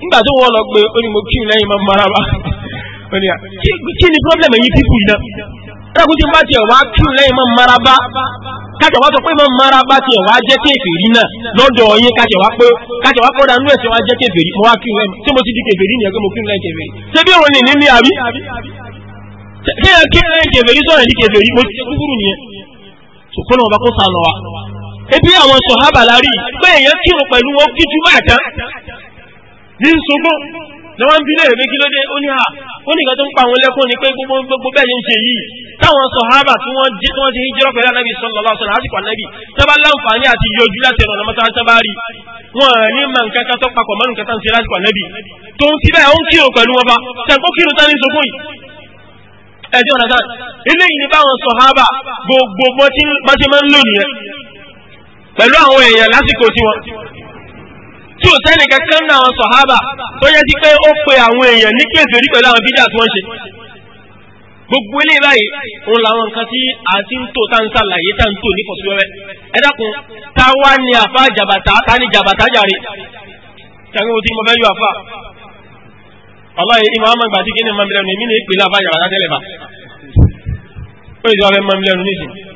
nígbà tó wọ́n lọ pé ó ní mo kí lẹ́yìn máa mara wa kí ni problem yìí pípù yìí náà ẹ̀rọ kúndé bá tiẹ̀ wá kí lẹ́yìn máa mara bá kájà wá sọ pé máa mara bá tiẹ̀ wá jẹ́ kèfèrí náà lọ́dọ̀ yín kájà wá pé kájà wá kọ́ra nínú ẹ̀sìn wá jẹ́ kèfèrí mo wá kí lẹ́yìn tí mo ti di kèfèrí nìyẹn pé mo kí lẹ́yìn kèfèrí ṣé bí òun nìyí ní àbí ṣé yẹn kí lẹ́yìn kèfèrí sọ̀rọ̀ ní kèfèrí mo ti ṣe kúkúrú nìyẹn ṣùgbọ́n ọba kó sànù wa ebi àwọn sọ̀hábà lárí pé èèyàn kírun pẹ̀lú wọn kí jùmọ̀ àtàn ní ṣogbọ́n ni wọ́n ń bí léèrè pé kí ló dé ó ní à ó ní nǹkan tó ń pa àwọn lẹ́kùn ni pé gbogbo bẹ́ẹ̀ yẹn ń ṣe yìí táwọn sọ̀hábà tí wọ́n jẹ́ tí wọ́n ti hijira pẹ̀lú anábì sallallahu alaihi wasallam àsìkò anábì tẹ́bá láǹfààní àti yọjú láti ẹ̀rọ ọ̀nàmọ́ta tẹ́bá rí wọn ní ma nǹkan kan tó papọ̀ mọ́nù kẹta ń ṣe lásìkò anábì tó ń ti bẹ́ẹ̀ ó ń kírun pẹ̀lú wọn bá tẹ̀kọ́ kírun tán ní ṣogbọ́n yìí ẹ̀jẹ̀ ọ̀nà tán eléyìí ni báwọn sọ̀hábà gbogbo bọ́tí máa ń lò nìyẹn pẹ̀lú àwọn èèyàn lásìkò tiwọn tí ò sẹ́ni kankan náà àwọn sọ̀hábà tó yẹ sí pé ó pe àwọn èèyàn ní kèfèrí pẹ̀lú àwọn bídíà tí wọ́n ṣe gbogbo ilé báyìí òun làwọn nǹkan tí a ti ń tò tá ń ṣàlàyé tá ń tò ní fọ̀síwẹ́wẹ́ ẹ dákun ta wá ní àfa jàbàtà tá ní jàbàtà jàre tàbí mo ti mọ fẹ́ yọ àfa ọlọ́yẹ ìmọ̀ àmọ́ ìgbà tí kí ni mọ̀ mi lẹ́nu èmi ní ìpìlẹ̀ àfa jàbàtà tẹ́lẹ̀ bá ó yẹ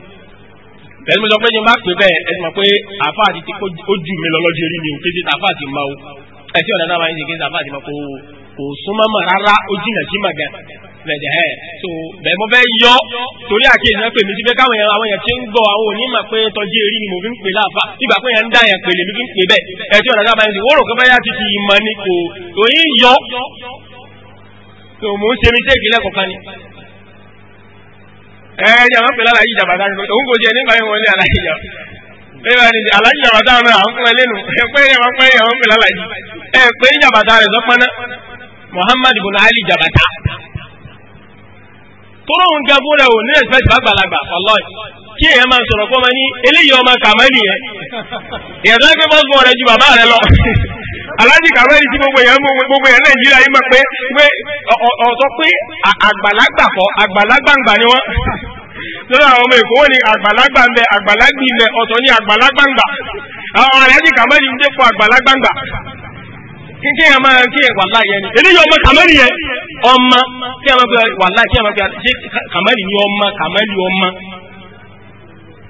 ẹni mo sọ pé ní o máa pè bẹ́ẹ̀ ẹni mọ̀ pé àfa àti ti ó jù mí lọ lọ́jọ́ orí mi ò kéde tàfa àti ma o ẹtí ọ̀nà náà máa ń ṣe kéde tàfa àti ma kò kò súnmọ́ mọ̀ rárá ó jìnà sí màgà bẹ̀dẹ̀ ẹ̀ so bẹ́ẹ̀ mo fẹ́ yọ torí àkíyèsí náà pè mí sí pé káwọn yẹn àwọn yẹn ti ń gbọ́ àwọn onímọ̀ pé tọ́jú eré ni mo fi ń pè láàfà ìgbà pé yẹn ń dá yẹn pè lèmi fi ń pè bẹ́ẹ̀ ẹtí ọ̀nà náà so mò ń ṣe mi ẹ̀ẹ́dì àwọn pẹ̀lú aláyí ìjàmbá dáhùn lóṣù òun kò jẹ nígbà yẹn wọlé aláyí ne bẹ́ẹ̀ ni aláyí ìjàmbá dáhùn náà àwọn fúnra lẹ́nu ẹ̀pẹ́ yẹn wọ́n pẹ́ yẹn wọ́n Muhammad Ali ìjàmbá dá. tóró òun ga fúnra kí aláàjì kàwéèrè tí gbogbo èèyàn gbogbo èèyàn nàìjíríà yìí mọ̀ pé pé ọ̀sọ́ pé àgbàlagbà kọ́ àgbàlagbà ń gbà ni wọ́n lọ́dọ̀ àwọn ọmọ èkó wọ́n ní àgbàlagbà ń bẹ àgbàlagbì ń bẹ ọ̀tọ̀ ní àgbàlagbà ń gbà àwọn aláàjì kàwéèrè ń dẹ́kun àgbàlagbà ń gbà kíkẹ́ ẹ̀ máa kí ẹ̀ wàlá yẹn ni èdè yọ ọmọ kàmẹ́lì yẹn ọmọ kí ẹ̀ máa fi wàlá kí ẹ̀ máa fi kàmẹ́lì ni ọmọ kàmẹ́lì ọmọ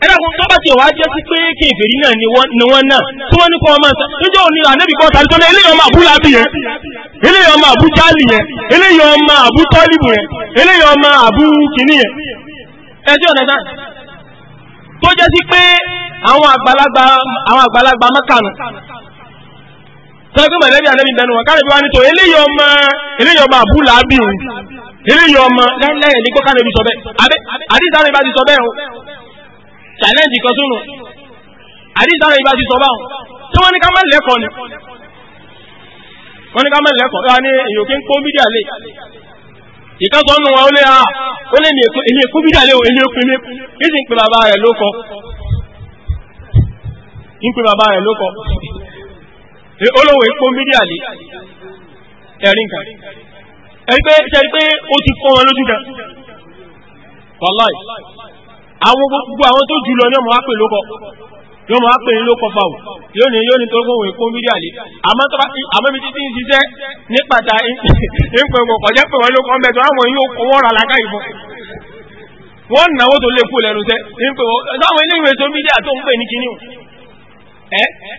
ẹ̀rọ àwọn tó bá ti wá jẹ́ sí pé kèfèrí náà ni wọ́n náà tí wọ́n ní kọ́ ọmọ ẹ̀sán níjọ́ òní ànẹ́bí kan tàbí tọ́lá eléyìí ọmọ àbúlá bì yẹn eléyìí ọmọ àbú jálì yẹn eléyìí ọmọ àbú tọ́lìbù yẹn eléyìí ọmọ àbú kìíní yẹn ẹjọ́ ọ̀nà náà tó jẹ́ sí pé àwọn àgbàlagbà àwọn àgbàlagbà mẹ́kànù tọ́lá pé mọ̀lẹ́bí ànẹ́bí bẹnu wọn káàdé bí wọ́n ní tó eléyìí challenge kan tún nù àdìsá rẹ̀ ibà ti sọ báwọn tí wọ́n ní ká má lẹ́kọ̀ọ́ ni wọ́n ní ká má lẹ́kọ̀ọ́ yóò ní èyàn kí ń kó bídíà lé ìkásọ̀ nù wọn ó lé ha ah, ó lé ní èyí kó bídíà lé o èyí kó lé kí sì ń pè bàbá rẹ̀ ló kọ ń pè bàbá rẹ̀ ló kọ olówó ìkó bídíà lé ẹ̀rí nǹkan ẹ̀rí pé ó ti fọ́ wọn lójú kan wàláì àwọn gbogbo àwọn tó jùlọ ní ọmọ wápè lókọ yóò máa pè ní lókọ fáwọ yóò ní yóò ní tó fún òun fún mídíà lé àmọ́ tó bá ti àmọ́ mi ti ti ń ṣiṣẹ́ ní pàtà ìpẹ̀wọ̀ kọjá pé wọ́n lókọ mẹ́tọ́ àwọn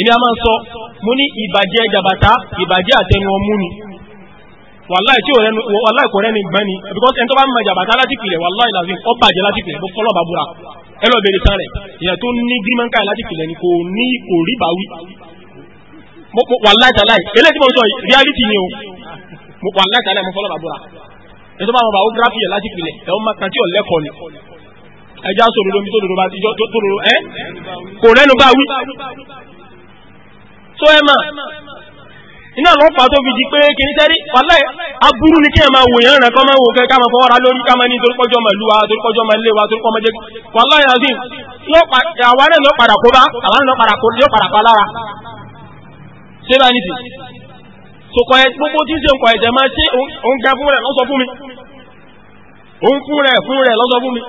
èmi a máa sọ mo ní ìbàjẹ́ jàbàtà ìbàjẹ́ àtẹnu ọmú ni wàláì tí because ẹni tó bá ń mọ jàbàtà láti pìlẹ̀ wàláì làfi ọ bàjẹ́ láti pìlẹ̀ bó kọ́lọ́ bàbúrà ẹ lọ bèrè tán rẹ̀ ìyẹn ni kò ní kò rí báwí wàláì tàláì eléyìí tí reality ni o wàláì tàláì mo fọ́lọ́ bàbúrà ẹni tó bá mọ biography ẹ̀ láti pìlẹ̀ ẹ̀ ọmọ kan tí ò lẹ́kọ̀ọ́ ni ẹja sòrò lomi tó dòdò bá ti jọ tó dòdò ẹ kò rẹ́nu báwí tó ẹ mà iná lọ́pàá tó fi di pé kìí sẹ́rí wàláì aburú ni kí ẹ máa wò yẹn rẹ̀ kọ́ máa wò kẹ́ ká máa fọwọ́ra lórí ká máa ní torípọ́jọ́ máa lúwa torípọ́jọ́ máa léwa torípọ́ máa jẹ́ wàláì azim àwa náà yóò padà kó bá àwa náà padà kó yóò padà pa lára ṣé bá nìsí sọkọ ẹ gbogbo tí ń ṣe nǹkan ẹ̀jẹ̀ máa ṣe òun ga fún rẹ̀ lọ́sọ fún mi òun fún rẹ̀ fún rẹ̀ lọ́sọ fún mi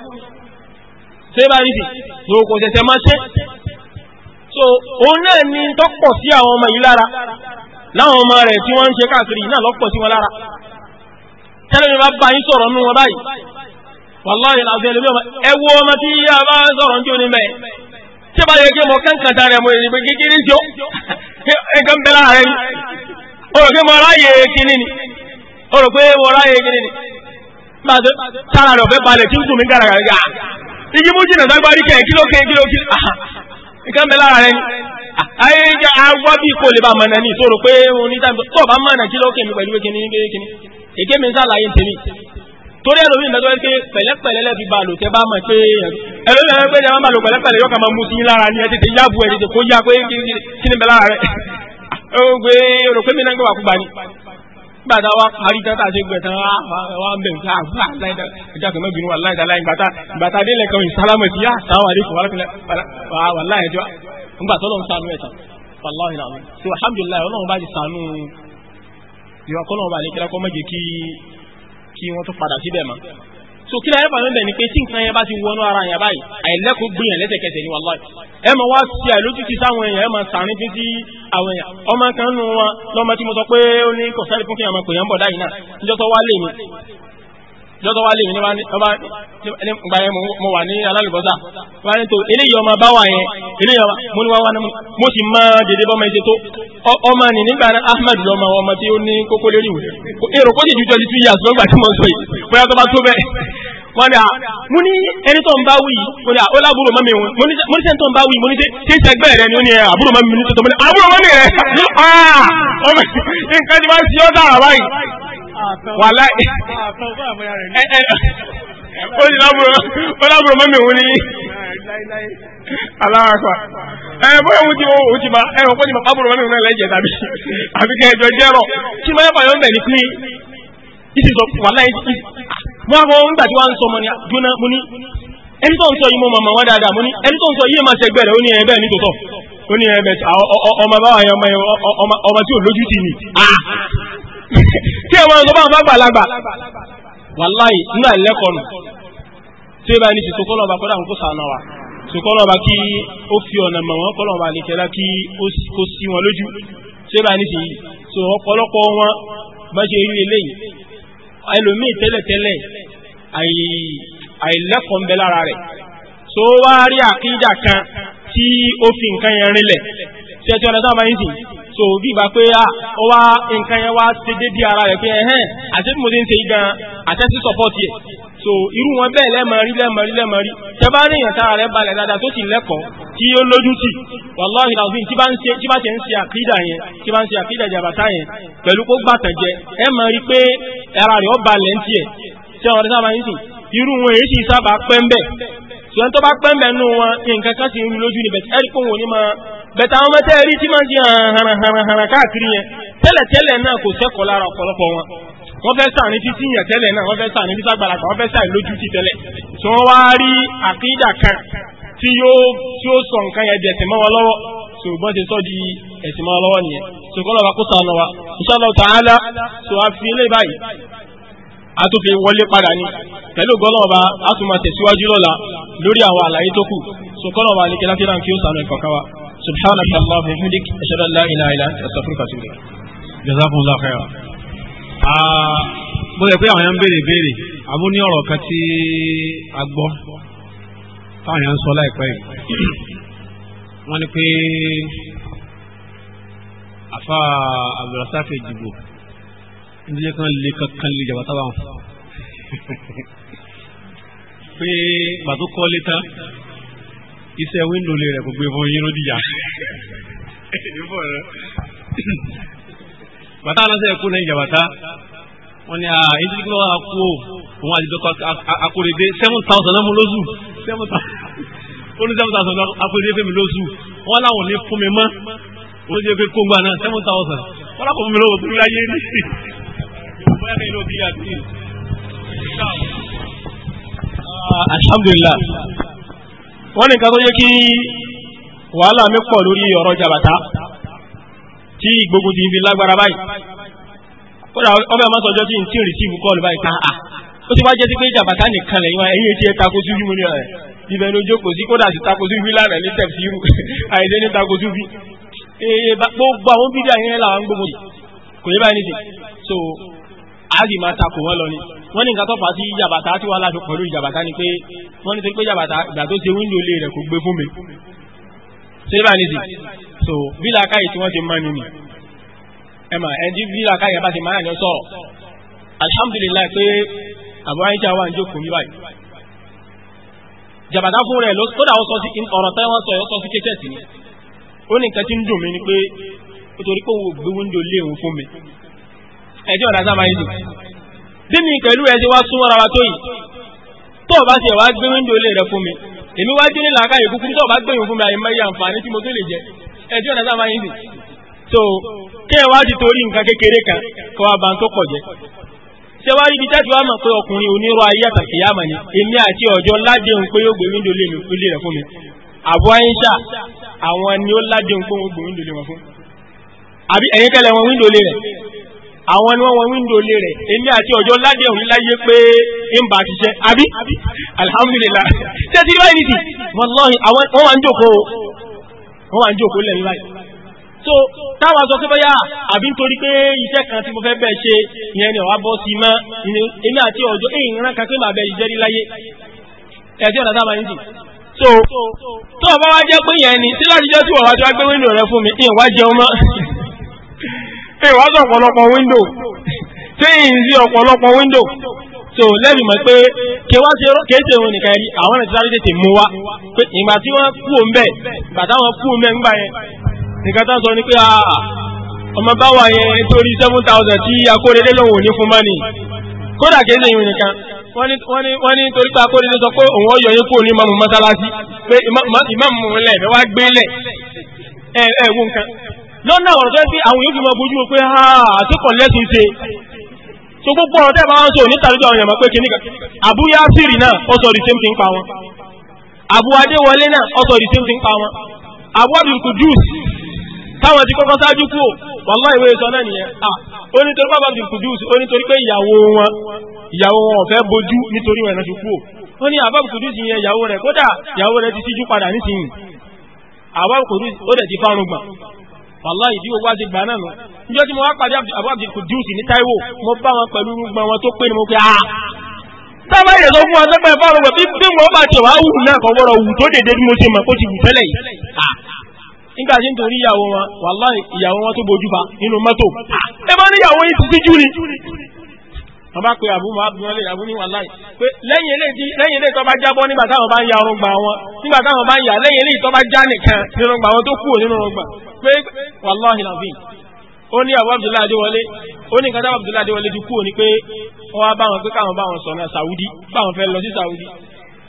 ṣé bá nìsí lóko ṣẹ̀ṣẹ̀ máa ṣe so òun náà ni tọ́pọ̀ sí àwọn ọmọ yìí lára láwọn ọmọ rẹ̀ tí wọ́n ń ṣe káàkiri náà lọ́pọ̀ sí wọn lára tẹ́lẹ̀ bá bá yín sọ̀rọ̀ nú wọn báyìí wàláhì làwọn ẹlẹ́mí ọmọ ẹ ọmọ tí yíyá bá ń sọ̀rọ̀ ní oní tí ó bá yẹ kí mo kẹ́ǹkàtà rẹ̀ mo èrè kékeré jọ ẹgbẹ́ ń bẹ o rò pé mo ráyè ni o rò pé mo ráyè ni sára rẹ̀ ọ̀fẹ́ balẹ̀ tí nǹkan bẹ lára rẹ ni ah, ayé jẹ agbọ́ bí kò lè bá mọ̀nà ní ìṣòro pé òun ní táìmù tó bá mọ̀nà kí lókè mi pẹ̀lú kíní kíní èké mi ń sàlàyé tèmi torí ẹlòmíì lọ́jọ́ pé pẹ̀lẹ́pẹ̀lẹ́ lẹ́fi bá lò tẹ́ bá mọ̀ pé ẹlòmíì lọ́jọ́ pé ẹ̀rọ bá lò pẹ̀lẹ́pẹ̀lẹ́ yóò kà máa mú sí lára ni ẹ tètè yáàbù ẹ tètè kó yá pé kí ni bẹ lára rẹ ó gbé rò pé mi náà gbé wà kú bá ni gbàtà wa parí tata ṣe gbẹ̀tà wa ń bẹ̀rù sáà gbà láìda ẹja kò mẹ́bìnrin wà láìda ah, láì gbàtà gbàtà délẹ̀ kan ìsálámù ti yá sáwà dé fún wa láìjọ ńgbà tó lọ́n sànú ẹ̀tàn wàláhìn àwọn so alhamdulilayi ọlọ́run bá ti sànú ìwà kọ́lọ́run bá lè kíra kọ́ mẹ́jẹ kí wọ́n tún padà síbẹ̀ mọ́ so kí láyé fàmí bẹ̀ ni pé tí nǹkan yẹn bá ti wọnú ara yẹn báyìí àìlẹ́kọ̀ọ́ gbìyàn lẹ́sẹ̀kẹsẹ̀ ni wàláì ẹ mọ̀ wá sí àìlójútì sáwọn èèyàn ẹ mọ̀ sàárín títí àwọn èèyàn ọmọ kan nù wọn lọ́mọ tí mo sọ pé ó ní kọ̀sẹ́rì fún kí àwọn ọmọ pè yẹn ń bọ̀ dáyìí náà níjọ́ tó wá lé mi lọ́tọ̀ wá lè mi nígbà yẹn mo wà ní alálùbọ́sà wá ní tó eléyìí ọmọ bá wà yẹn eléyìí ọmọ mo ní wá wá mo sì mọ dèdè bọ́mọ ẹ̀ṣẹ̀ tó ọmọ ní nígbà náà Ahmed lọ́mọ ọmọ tí ó ní kókó lérí wò èrò kó sì ju twenty two years lọ́gbà tí mo sọ yìí bóyá tó bá tó bẹ́ẹ̀ wọ́n ní à mo ní ẹni tó ń bá wí mo ní à ó lábúrò mọ́mi wọn mo ní sẹ́ni tó ń bá wí mo ní ní ẹ wàhálà eh, eh, ó sì lábúrò mọ́mí òun ní aláàkọ́ ẹ bóyá òun ti òun ti bá ẹ òun kọ́ ti bá pábùrò mọ́mí òun náà lẹ́jẹ̀ tàbí àbí kẹjọ jẹ́rọ kí máa bàyọ̀ ń bẹ̀ ní pín ìsì sọ wàhálà ìsì wọn àwọn ohun gbàtí wọn sọ mọ ní jóná mo ní ẹni tó ń sọ yìí mo mọ̀ wọn dáadáa mo ní ẹni tó ń sọ yìí máa ṣẹgbẹ́ rẹ̀ ó ní ẹ bẹ́ẹ̀ ní tòótọ́ ó ní ẹ bẹ́ẹ̀ ọmọ báwa yẹn ọmọ kí ẹ̀wọ̀n ọ̀sọ́ báwọn bá gbàlagbà wàláì nínú àìlẹ́kọ̀ọ́ nù tí ó bá ní ṣètò kọ́lọ̀ ọba kọ́dà kó sànà wa ṣètò kọ́lọ̀ ọba kí ó fi ọ̀nà mọ̀ wọ́n kọ́lọ̀ ọba àlekẹ́lá kí ó sí wọn lójú tí ó bá ní ṣèyí tó ọ̀pọ̀lọpọ̀ wọn bá ṣe rí eléyìí ẹlòmíì tẹ́lẹ̀tẹ́lẹ̀ àìlẹ́kọ̀ọ́ ń bẹ lára rẹ̀ tó wá rí àkídà kan tí ó fi nǹkan yẹn rinlẹ̀ tí ẹ so bí ìgbà pé ah, ó wá nǹkan yẹn wá ṣe dédé ara rẹ̀ pé ẹ̀hẹ́n àti mo ti ń ṣe gan àtẹ́sí sọ́pọ́ọ̀tì ẹ̀ so irú wọn bẹ́ẹ̀ lẹ́ẹ̀mọ̀rí lẹ́ẹ̀mọ̀rí lẹ́ẹ̀mọ̀rí tẹ bá ríyàn tára rẹ̀ balẹ̀ dáadáa tó sì lẹ́kọ̀ọ́ tí ó lójú tì wàláhì làwọn tí bá ń ṣe tí bá ti ń ṣe àkídà yẹn tí bá ń ṣe àkídà jàbàtà yẹn pẹ̀lú kó gbàtàn jẹ ẹ mọ̀ rí pé ara rẹ̀ ó balẹ̀ ń tiẹ̀ tí àwọn ọ̀rẹ́ sábà ń sìn irú wọn èyí sì sábà pẹ́ ń bẹ̀ ṣùgbọ́n tó bá pẹ́ mẹ́nu wọn nǹkan kan sì ń rí lójú ni bẹ̀tẹ̀ ẹ̀rí pòun ò ní máa bẹ̀tẹ̀ àwọn mẹ́tẹ́ rí tí máa ń di hànàhànàhànà káàkiri yẹn tẹ́lẹ̀tẹ́lẹ̀ náà kò sẹ́kọ̀ọ́ lára ọ̀pọ̀lọpọ̀ wọn wọ́n fẹ́ sàní títí yẹn tẹ́lẹ̀ náà wọ́n fẹ́ sàní títí ti tẹ́lẹ̀ tí wọ́n wá rí àkídà kan tí yóò di ẹ̀sìn mọ́ wọn lọ́wọ́ so bọ́n ti sọ di ẹ̀sìn mọ́ wọn lọ́wọ́ nìyẹn so a tún fi wọlé padà ní pẹ̀lú gọ́lọ́ọ̀bá a tún máa tẹ̀síwájú lọ́la lórí àwọn àlàyé tó kù so kọ́lọ́ọ̀bá ní kí lákìlá kí ó sànù ìkọ̀kan wa subhanahu wa ta'ala muhammadik ashhadu an la ilaha illa anta ah mo yẹ pé àwọn yan béèrè béèrè àmú ní ọ̀rọ̀ kan tí a gbọ́ táwọn yan sọ wọ́n ní pé àfa abdulrasaq Ejigbo ní jẹ́ kan lè kankan lè jàbá tábà wọn. pé pàtó kọ́ létá iṣẹ́ wíńdò lè rẹ̀ kò gbé fún yín lódìjà. bàtà aláṣẹ ẹ̀kọ́ lẹ́yìn jàbàtà wọ́n ní àà èyí tí wọ́n á kú o òun àti dọ́kọ̀ akóredé seven thousand náà mú lóṣù seven thousand ó ní seven thousand akóredé fẹ́mi lóṣù wọ́n láwọn ò ní fún mi mọ́ ó ní jẹ́ pé kóńgbà náà seven thousand wọ́n lákòó fún mi lówó kúrú láyé ní bóyá bẹ́ẹ̀ ló bí àti alhamdulillah wọ́n ní nǹkan tó yẹ kí wàhálà mi pọ̀ lórí ọ̀rọ̀ jàbàtà tí gbogbo ti fi lágbára báyìí kódà ọbẹ̀ máa sọjọ́ tí n tí ò rí sí ìbùkọ́ ọ̀lù báyìí káà ah, ó ti wá jẹ́ sí pé jàbàtà nìkan lẹ́yìn wa ẹ̀yìn etí ẹ̀ tako sí fún mi rẹ̀ ibẹ̀ ni ojókòó sí kódà sí tako sí fún lánàá ní tẹ̀sí irú àìsẹ́ ní tako sí fún gbogbo àwọn bídíà so àádìí máa takò wọ́n lọ ni wọ́n ní nǹkan tó fà á sí jàbàtà tí wọ́n láti pẹ̀lú jàbàtà ni pé wọ́n ní torí pé jàbàtà ìgbà tó ṣe wíńdò ilé rẹ̀ kò gbé fún mi ṣé bá ní sí so bí làákàyè tí wọ́n ti máa nìyí ẹ mà ẹ bí làákàyè bá ti máa yàn sọ̀rọ̀ alhamdulilayi pé àbúrò ayé jáwá ń jókòó mi báyìí jàbàtà fún rẹ̀ kódà ó sọ sí ọ̀rọ̀ tẹ́ wọ́n sọ ó sọ ẹjọ́ ọ̀dà sáà máa yìí bí mi pẹ̀lú ẹ ti wá súnmọ́ra wa tó yìí tó o bá ti ẹ̀ wá gbé wíńdò lè rẹ fún mi èmi wá jẹ́ nílà káyọ̀ kúkú tó o bá gbẹ̀yìn fún mi àyè mẹ́yà àǹfààní tí mo tó lè jẹ ẹjọ́ ọ̀dà máa yìí so kí ẹ wá ti torí nǹkan kékeré kan kó wa bá ń tó pọ̀ jẹ ṣe wá ibi tẹ́tù wá mọ̀ pé ọkùnrin onírọ̀ ayé àtàkì yá màní èmi àti ọ̀jọ́ ládéhùn pé yóò gbé wíńdò lè rẹ fún mi àbọ̀ àyíṣà àwọn ni ó ládéhùn pé wọ́n gbé wíńdò lè wọn fún àbí ẹ̀yin kẹlẹ̀ wọn wíńdò lè rẹ̀ àwọn ni wọ́n wọ wíńdò lé rẹ̀ èmi àti ọjọ́ ládé òní láyé pé ń bá ṣiṣẹ́ àbí alhamdulillah ṣé ti rí nìdí wallahi àwọn wọ́n wà ń jókòó wọ́n wà jókòó lẹ́yìn báyìí so táwa sọ pé bóyá àbí nítorí pé iṣẹ́ kan tí mo fẹ́ bẹ́ẹ̀ ṣe ìyẹn ni ọ̀wá bọ́ sí mọ́ èmi àti ọjọ́ èyí ń rán kan pé màá bẹ́ẹ̀ ṣiṣẹ́ rí láyé ẹ̀sìn ọ̀dà sábà ń so tó o bá wá jẹ́ pé yẹn ni sí láti jẹ́ tí wọ́n wá tó wá gbé wíńdò rẹ fún mi ìyẹn wá jẹun mọ́ ṣe ìwádìí ọ̀pọ̀lọpọ̀ wíńdò ṣe ìyìnzí ọ̀pọ̀lọpọ̀ wíńdò so lẹ́bi mọ̀ pé kí wá ṣe kí ṣe òun nìkan ẹni àwọn ẹ̀sìn sáré tètè mú wa pé ìgbà tí wọ́n kú òun bẹ̀ ìgbà táwọn kú òun bẹ̀ ńgbà yẹn nìkan tá sọ ni pé ọmọ báwa yẹn nítorí seven thousand tí akóredé lòun ò ní fún mọ́ni kódà kí ṣe ìwọ̀n nìkan wọ́n ní torí pé akóredé sọ pé òun ọ̀yọ́ yín kúrò ní ìmáàmù mọ́sálásí pé ìmáàmù lẹ̀ wá gbé lẹ̀ ẹ̀ ẹ̀ wú nǹkan lọ́nà ọ̀rọ̀ tó ń pé àwọn yóò fi máa bójú pé ha àtúkọ̀ lẹ́sùn ṣe so gbogbo ọ̀rọ̀ tẹ́ bá ń sọ onítàlójú àwọn èèyàn pé kí níkan Abu Yasiri náà ó sọ the same thing pa wọn Abu Adéwọlé náà ó sọ the same thing pa wọn Abu Abdul Qudus táwọn ti kọ́kọ́ sáájú kú wàlá ìwé sọ náà nìyẹn à ó nítorí bàbá Abdul Qudus ó nítorí pé ìyàwó wọn ìyàwó wọn ọ̀fẹ́ bójú nítorí wọn ẹ̀nà ti kú ó ní Abu Abdul Qudus yẹn ìyàwó rẹ̀ kódà ìyàwó rẹ̀ ti síjú padà nísìnyí Abu Abdul Qudus ó dẹ̀ ti fárùn gbọ̀n wàláhì bí owó àti gbà náà nù níjọ́ tí mo wá pàdé àbú àbí ní Táíwò mo bá wọn pẹ̀lú gbà wọn ah! tó pé ni mo pe ah fún wa sẹpẹ fáwọn ọgbẹ bí bí wọn bá tiẹ̀ wá wù náà kọ wọrọ wù tó dédé bí mo ṣe mọ kó ti wù tẹ́lẹ̀ yìí a ah! nígbà tí nítorí ìyàwó wọn ìyàwó wọn wọ́n bá pe àbúrò abúlé àbúrò wàláì pé lẹ́yìn eléyìí tó bá jábọ́ nígbà táwọn bá ń ya ọrùngbà wọn nígbà táwọn bá ń yà lẹ́yìn eléyìí tó bá já nìkan nínú ọgbà wọn tó kúrò nínú ọgbà pé wàláì làbí ó ní àwọn Abdullahi Adéwọlé ó ní nǹkan táwọn Abdullahi Adéwọlé ti kúrò ní pé wọ́n wá bá wọn pé káwọn bá wọn sọ náà Saudi báwọn fẹ́ lọ sí Saudi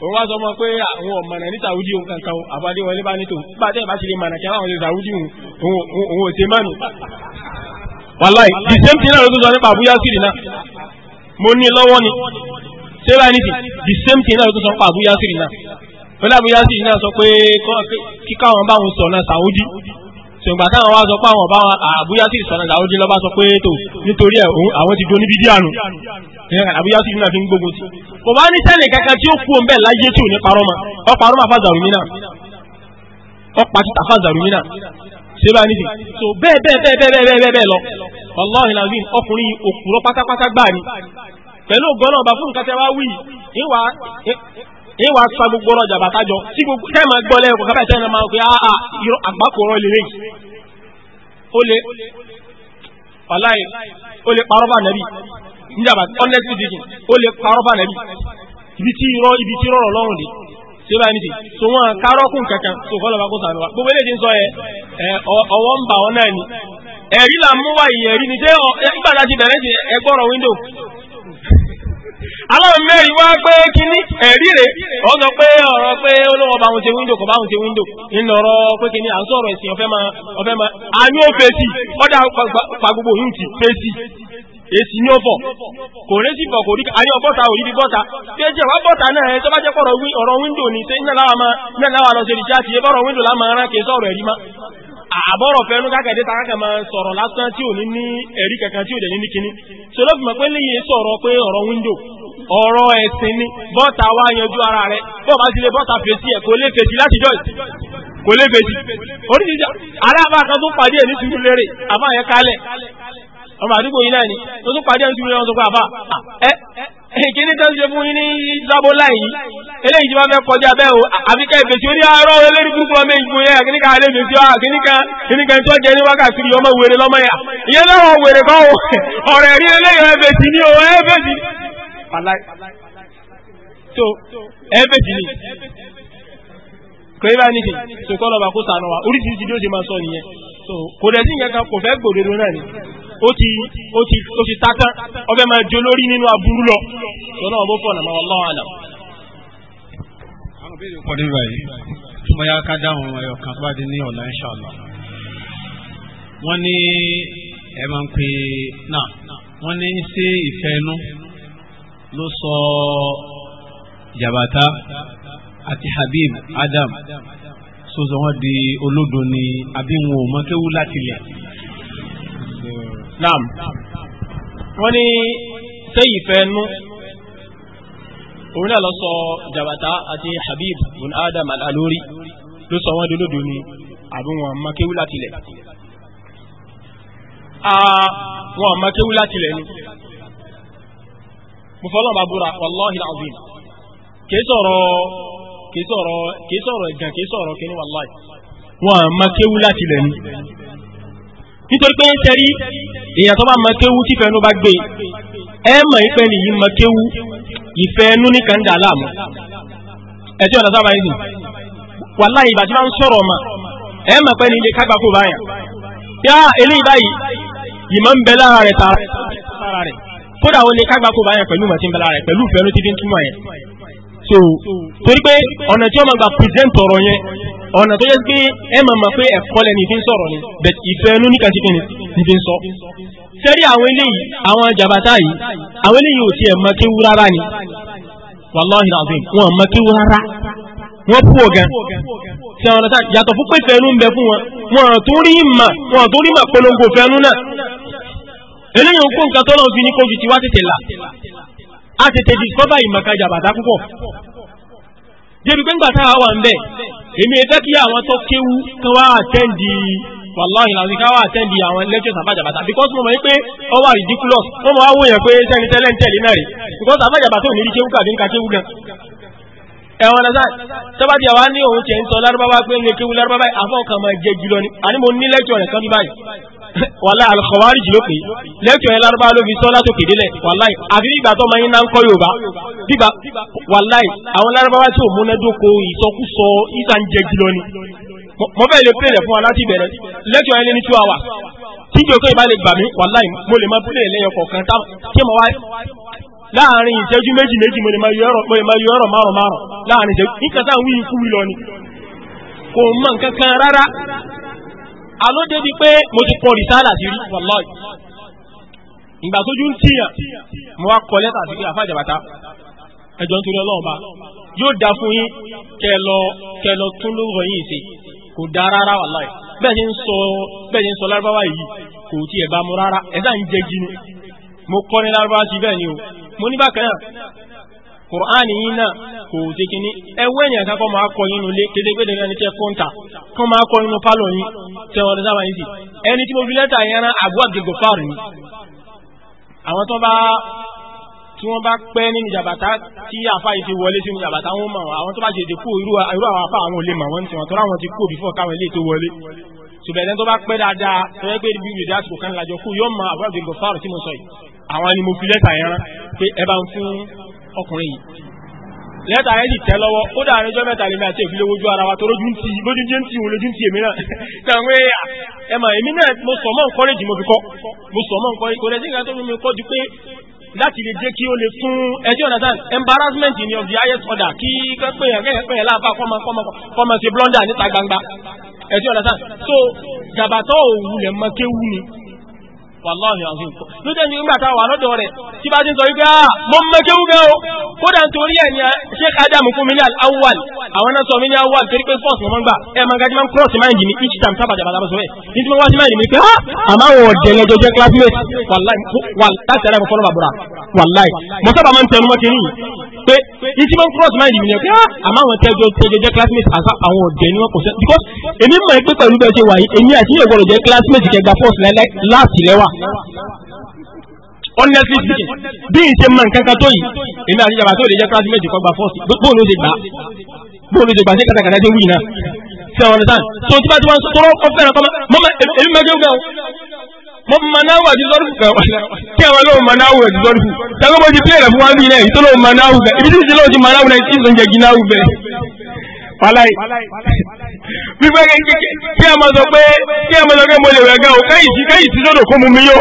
òun wá sọ mọ pé àwọn ọmọnà ní Saudi òun kankan àbádéwọlé bá ní tòun bá tẹ́ ẹ̀ bá ti lè mọ̀nà kí àwọn ṣe Saudi òun ò ṣe mọ́nu. wàláì the same thing náà ló tún sọ nípa Abuja sídìí náà mo ní lọ́wọ́ ni ṣé báyìí nìkì the same thing náà ló tún sọ pé Abu Yasir náà pẹ̀lú Abu Yasir náà sọ pé kíkà wọn báwọn sọ náà Saudi ṣùgbọ́n táwọn wá sọ pé àwọn ọba Abu Yasir sọ náà Saudi lọ́ba sọ pé tó nítorí ẹ̀ àwọn ti do níbi díànù Abu Yasir náà fi ń gbógun sí. kò wá ní sẹ́nì kankan tí ó kú òun bẹ́ẹ̀ láyé tí ò ní parọ́ ma ọ parọ́ ma fa zàrùmí náà ọ pa títà fa zàrùmí náà ṣé báyìí nìkì so bẹ́ẹ̀ bẹ́ẹ̀ bẹ́ẹ̀ bẹ́ẹ̀ bẹ́ẹ̀ bẹ́ẹ̀ lọ pẹ̀lú gọ́nà ọba fún nǹkan tẹ́ wá wí ìwà sa gbogbo ọ̀rọ̀ jàmbá tájọ tí gbogbo tẹ́ máa gbọ́ lẹ́yìn kọ́kọ́ bẹ́ẹ̀ tẹ́ máa pe áá irọ́ àgbákòrọ́ lélẹ̀ yìí ó lè wàláì ó lè parọ́ bá nàbì níjàmbá honestly speaking ó lè parọ́ bá nàbì ibi tí irọ́ ibi tí rọrọ̀ lọ́rùn dé tí ó bá ní ti so wọn kárọ́kùn kankan so kọ́ lọ́ba kó sàmì wa gbogbo eléyìí ń sọ ẹ ọwọ́ ń bà wọn náà ni ẹ̀rí là ń mú wáyé ẹ̀rí ni ṣé ìgbà tá bẹ̀rẹ̀ sí ẹgbọ́rọ̀ window aláwọn mẹ́rin wá pé kíní ẹ̀rí rẹ̀ kpe sọ pé ọ̀rọ̀ pé olówó bá wọn ṣe wíńdò kò bá wọn ṣe wíńdò nínú ọ̀rọ̀ à ń sọ̀rọ̀ ẹ̀sìn ọ̀fẹ́ ọ̀fẹ́ a ní ó fèsì ọ̀dà pa gbogbo yìí ti fèsì èsì ní ọ̀fọ̀ kò rẹ́ sí fọ̀ kò rí ayé ọ̀bọ̀ta ò rí bí bọ́ta bí ẹ jẹ́ wá bọ́ta náà ẹ tó bá jẹ́ pọ̀rọ̀ àbọ̀rọ̀ fẹ́nu kákàdé ta kákà máa sọ̀rọ̀ lásán tí ò ní ní ẹ̀rí kankan tí ò dẹ̀ ní ní kíní so ló fi mọ̀ pé sọ̀rọ̀ pé ọ̀rọ̀ wíńdò ọ̀rọ̀ ẹ̀sìn ni bọ́ta wá yanjú ara rẹ̀ bọ́ọ̀ bá bọ́ta fèsì ẹ̀ kò lè fèsì láti jọ́ kò lè fèsì oríṣiríṣi aláàbá kan tó pàdé ẹ̀ ní lérè àbá kíní tó ń ṣe fún yín ní sábó láì eléyìí tí wọ́n fẹ́ kọjá bẹ́ẹ̀ o àfikẹ́ ìfèsì orí arọ́ olórí burúkú ọmọ ìgbò yẹn kíní kan alẹ́ tó jẹ ní wákàtí yìí ọmọ wèrè lọ́mọ yà ìyẹn lọ́wọ́ wèrè kọ́ o ọ̀rẹ́ rí eléyìí ẹ̀fẹ̀sì ni o ẹ̀fẹ̀sì. so ẹ̀fẹ̀sì ni kò yẹ bá ní kì so kọ́ lọ́ba kó sànù wa oríṣiríṣi ó ti ó ti ọbẹ̀ máa jó lórí nínú aburú lọ lọ́nà ọ̀bọ̀ fọ̀nà máa wallahu alam. àwọn òbí kọ́ nígbà yìí tí mo yá ká dáhùn ẹ̀yọ̀ kan tó bá di ní ọ̀la wọ́n ní ẹ máa ń pè náà Adam sọ́sọ́ wọn di ni àbí wọn ò láti lẹ̀. naam wọ́n ní sẹ́yìn fẹ́nu òun náà lọ sọ jabata àti habib bin adam al-alori ló sọ wọ́n dolódo ni àbúwọn makéwú látilẹ̀ àwọn makéwú látilẹ̀ ni mo fọ́lọ́ bá búra wàláhi alazim kìí sọ̀rọ̀ ẹ̀gàn kìí sọ̀rọ̀ kìí ní wàláhi wọn makéwú látilẹ̀ ni nítorí pé ń ṣẹ́rí èèyàn tó bá mọ kéwú tí fẹ́nu bá gbé ẹ mọ̀ ìfẹ́ nìyí mọ kéwú ìfẹ́ ẹnu ní kàńdà aláàmú ẹtí ọ̀nà sábà yìí wàláhì ìbàdí máa ń sọ̀rọ̀ mà ẹ mọ̀ pé ní ilé kágbá kò báyà yá eléyìí báyìí ìmọ̀ ń bẹ lára rẹ̀ tààrà rẹ̀ kódà ó ní kágbá kò báyà pẹ̀lú mọ̀ ń bẹ lára rẹ̀ pẹ̀lú ìfẹ́ ẹnu ń túmọ̀ yẹn so torí pé ọ̀nà tí wọ́n máa gba present ọ̀rọ̀ yẹn ọ̀nà tó yẹ pé ẹ máa mọ̀ pé ẹ̀kọ́ lẹ́ni fi ń sọ̀rọ̀ ni but ìfẹ́ ẹnu ní kàṣíkì ni fi ń sọ. sẹ́rí àwọn eléyìí àwọn jàbátá yìí àwọn eléyìí ò tiẹ̀ mọ kéwú rárá ni wàláhì azim wọn mọ kéwú rárá wọn pú ọ̀gán tí àwọn ọ̀nà yàtọ̀ fún pé fẹ́ẹ́nu ń bẹ fún wọn wọn tó rí mà wọn tó rí mà polongo fẹ́ẹ́nu náà eléyìí ń kó nǹkan tọ́lọ́ fi ní kó fi tiwá tètè là a ti tètè discover ìmọ̀kájà bàtà púpọ̀ débi pé ńgbà táwa wà ń bẹ̀ èmi ẹ̀fẹ́ kí àwọn tó kéwú kan wá àtẹ́ǹdì wàláhì láti ká wá àtẹ́ǹdì àwọn lectures àbájàbàtà because mo mọ̀ wípé ó wà ridiculous wọ́n mọ̀ wá wò yẹn pé sẹ́ni tẹ́lẹ̀ ń tẹ̀lé náà rè because àbájàbàtà ò ní rí kéwú kàbí ń ka kéwú gan. ẹ̀wọ̀n náà sáà sábàtì àwa ní òun tiẹ̀ ń sọ lárúbáwá pé ń lè kéwú lárúbáwá àfọ̀kànmọ̀ jẹ jùlọ ni àní mo ní lecture rẹ̀ kan bí báyìí wàlá alùkọ̀wárì jì ló pé lẹ́tọ̀ ẹ̀ lárúbá ló fi sọ látòkè délẹ̀ wàlá àbí ìgbà tó máa ń ná ń kọ́ yorùbá bíbá wàlá àwọn lárúbáwá tí ò múnádóko ìsọkúsọ ìsànjẹ jùlọ ni mo fẹ́ lè pèlè fún wa láti bẹ̀rẹ̀ lẹ́tọ̀ ẹ̀ lẹ́ni two hours tí ìjọkọ̀ ìbá lè gbà mí wàlá mo lè má búlẹ̀ lẹ́yọ kọ̀ọ̀kan tá kí láàrin ìṣẹ́jú méjì méjì mo lè máa yọ ọ̀rọ̀ márùn-márùn láàrin ìṣẹ́jú nígbà táwọn wí ikú wí lọ ni kò mọ̀ nǹkan kan rárá àló débi pé mo ti kọ rìsáàlà sí rí wàláì ìgbà tójú ń tíyàn mo wá kọ lẹ́tà sí pé àfa àjàbàtà ẹjọ́ nítorí yóò dá fún yín kẹlọ kẹlọ tún lórúkọ yín kò dá rárá wàláì bẹ́ẹ̀ ń sọ bẹ́ẹ̀ ń gini mo kọ́ ní lárúbáwá sí ni o mo ní bákan náà kùránì yìí náà kò ṣe kíní ẹwọ́ ènìyàn kan kọ́ máa kọ yín nulẹ̀ kété pé ní kẹ́ kọ́ńtà kọ́ máa kọ nínú pálọ̀ yín tẹ̀wọ̀n ọ̀dọ̀ sábà yìí ẹni tí mo fi lẹ́tà yẹn rán àbú fáàrù ni. àwọn tó bá tí wọ́n bá pẹ́ nínú jàbàtà tí àfa yìí ti wọlé sínú jàbàtà wọn mọ̀ àwọn tó bá ṣe dé kú irú àwọn afa àwọn olè mọ̀ wọ́n ti wọn tó láwọn ti kú before káwọn ilé tó wọlé ṣùgbọ́n tó bá pẹ́ dáadáa tó yẹ pé ibi ìdí àsìkò kan lájọ kú yóò mọ àbúrò àgbègbè fáàrù tí mo sọ yìí àwọn ni mo fi lẹ́tà yẹn rán pé ẹ bá ń fún ọkùnrin yìí lẹ́tà rẹ̀ sì tẹ́ lọ́wọ́ ó dà àrẹ́jọ́ mẹ́ta lèmi àti èfi lówójú ara wa tó lójú ti lójú jẹ́ ti wò lójú ti èmi náà tàwọn ẹ̀mà èmi náà mo sọ mọ́ nkọ́rẹ́jì mo fi kọ́ mo sọ mọ́ nkọ́rẹ́jì kò lẹ́sìn ìgbàtọ́ mi kọ́ ju pé láti lè jẹ́ kí ó lè fún ẹjọ́ understand embarrassment ni of the highest order kí pẹ̀yẹ̀ láàbá kọ́mọ ṣe blunder níta gbangba ẹjọ́ understand so jàbàtọ̀ òwúlẹ̀ mọ́ kéwú ni wàláhì ọ̀sìn ló jẹ́ ní ìgbàta wà lọ́dọ̀ rẹ̀ tí bá ti sọ wípé àà mọ́ mẹ́kẹ́ wúgẹ́ o kódà nítorí ẹ̀ ni eh, Sheikh Adam fún mi ní awwal àwọn náà sọ mi ní awwal torí pé sport ni wọ́n gbà ẹ̀ máa gajú máa ń cross mind mi each time sábà jàbàtà bá sọ ẹ̀ ní tí mo wá sí mind mi pé á ah, àmọ́ àwọn ọ̀dẹ̀ yẹn jọjọ classmate wàláhì láti ẹ̀rẹ́ mo bàbúrà wàláhì mo sábà máa ń tẹnu mọ́ kiri pé ní tí mo cross mind mi ni pé á ah, àmọ́ àwọn tẹjọ jẹjọ classmate àṣà àwọn ọ̀dẹ̀ ni wọ́n kò sẹ́ because èmi mọ̀ ẹ́ pé pẹ̀lú bẹ́ẹ̀ ṣe wà yìí èmi àti yóò gbọ́dọ̀ jẹ́ classmate kẹgbà force láti honestly speaking bí n ṣe mọ nǹkan kan tó yìí èmi àti jàmbá tó lè jẹ́ kílásí méjì kọ́ gba fọ́ọ̀sì bóòlù ó ṣe gbà bóòlù ó ṣe gbà sí kàtàkàtà tí ń wù yìí náà ṣe àwọn ọ̀nà tó tí bá ti wọ́n tọrọ ọ̀fẹ́ rẹ̀ kọ́mọ́ mọ́mọ́ èmi mẹ́jọ gbà ó mo manáwó àti sọ́dún kan kí àwọn lóun manáwó àti sọ́dún kan tàbí mo ti pílẹ̀ rẹ̀ fún wa bí ilẹ̀ yìí tó lóun manáwó bẹ̀ ibi tí ti fàlàyé wípé kí ẹ máa sọ pé kí ẹ máa sọ pé mo lè wẹ̀ gan o kẹ́yìn sí kẹ́yìn sí sódò fún mi yó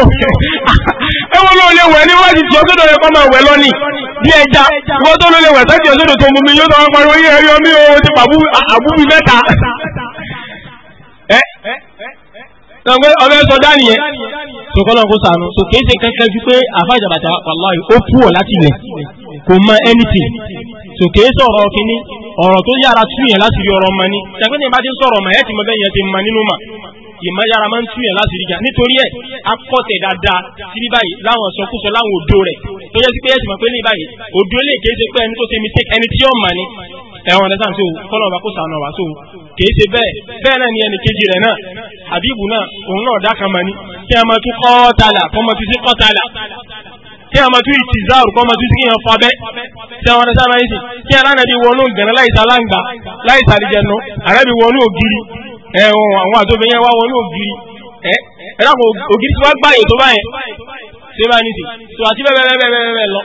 ẹ wọ́n ló lè wẹ̀ ní wọ́n ti sọ sódò rẹ̀ kọ́ máa wẹ̀ lọ́nì bí ẹja wọ́n tó ló lè wẹ̀ sẹ́tì sódò tó mú mi yó tó wọ́n pariwo yé ẹ̀rí omi o ti pàbú àbúbí mẹ́ta ẹ ọgbẹ́ ọbẹ̀ sọ dá nìyẹn sọkọlọ kó sànù so kì í ṣe kankan ju pé àfàjàbàtà wàláhì ó púọ̀ láti ilẹ̀ kò mọ anything so kì í sọ̀rọ̀ kínní ọ̀rọ̀ tó yára túyàn láti rí ọ̀rọ̀ ọmọ ni ṣàgbé ní ìbájú sọ̀rọ̀ ọmọ ẹ̀ ti mọ bẹ́ẹ̀ yẹn ti mọ nínú mà ìmọ̀ yára máa ń túyàn láti rí ga nítorí ẹ̀ akọ́tẹ̀ dáadáa síbí báyìí láwọn sọkúsọ láwọn òdo rẹ̀ tó yẹ sí pé ẹ̀ ti mọ̀ pé ní báyìí òdo lè kéé ṣe pé ẹni tó ṣe mistake ẹni tí ó mà ni ẹ̀wọ̀n ẹ̀dá sáǹsì kọ́lọ̀ ọba kó sànà wá sóò kìí ṣe bẹ́ẹ̀ bẹ́ẹ̀ náà ni ẹni kejì rẹ̀ náà àbíbù náà òun náà dákan mani kí a máa kí a máa tún ìtìzáàrù kọ́ máa tún sí kí èèyàn fabẹ́ tí àwọn ẹ̀sán máa ń sìn kí alánàbí wọnú gẹ̀rẹ́ láìsà láǹgbà láìsà àlìjẹnu àrẹ́bí wọnú ògiri ẹ̀hún àwọn àtòbí yẹn wá wọnú ògiri ẹ̀ ẹ̀dá kò ògiri tí wọ́n gbáyè tó báyẹn ṣé bá ní sìn so àti bẹ́ẹ̀ bẹ́ẹ̀ bẹ́ẹ̀ bẹ́ẹ̀ bẹ́ẹ̀ lọ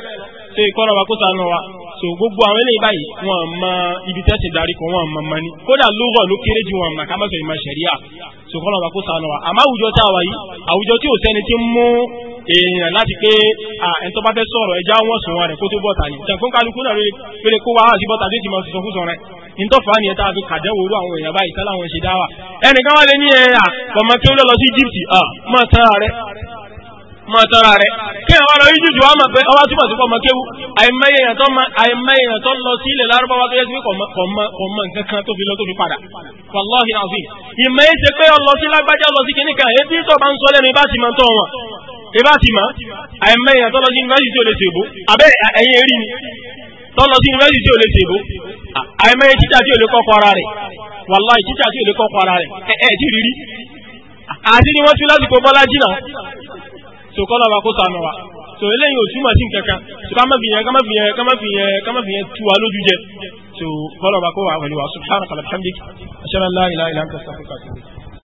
ṣe ìkọ́nà wa kó sànù wa so gbogbo àwọn eléyìí báyìí wọn mọ ibi tẹ́sí darí kan wọn mọ mọ ni kódà lóòrọ̀ ló kéré ju wọn mọ ká wa kó sànù wa a wà yìí àwùjọ tí èèyàn láti pé ẹni tó bá fẹ́ sọ̀rọ̀ ẹja wọ́n sùn wọn rẹ̀ kó tó bọ́ta ni ṣàǹkó kálukú náà lórí kó wá àti bọ́ta déjì máa sọ̀kú sọ̀rọ̀ rẹ̀ nítọ́fà ni ẹ̀ta àfi kàdẹ́wò orú àwọn èèyàn báyìí sálà wọn ṣe dáwà ẹnìkan wá lé ní ẹ̀ à kí ó lọ sí Egypt máa tọ́ra rẹ̀ kí àwọn ọ̀rọ̀ yíjú jù ọmọ pé ọwá túbọ̀ sí pọ̀mọ́ kéwú àìmọye èèyàn tó lọ sí ilẹ̀ lárúbáwá tó yẹ sí kọ̀mọ́ nǹkan kan tó fi lọ tó fi padà wàláhì náà fi ìmọ̀ yìí ṣe pé ọlọ sí lágbájá lọ sí kìnnìkan èyí tí tó bá ń sọ lẹ́nu ibà ti máa tọ́ wọn ibà ti máa àìmọye èèyàn tó lọ sí yunifásitì ò lè ṣèbó àbẹ́ ẹ̀yìn erí ni tó lọ sí yunifásitì ò lè ṣèbó àìmọye títà tí ò lè kọ́kọ́ ara rẹ̀ wàláhì títà tí ò lè kọ́kọ́ ara rẹ̀ ẹ̀ rírí àti ni wọ́n tún lásìkò bọ́lá jìnnà so kọ́ lọ́ba kó sànù wa so eléyìí ò túmọ̀ sí nǹkan kan so ká má fi yẹn ká má fi yẹn ká má fi yẹn ká má fi yẹn tu wa lójú jẹ so kọ́ lọ́ba kó wà wẹ̀lú wa subhanahu wa ta'ala alhamdulilayi ashhadu an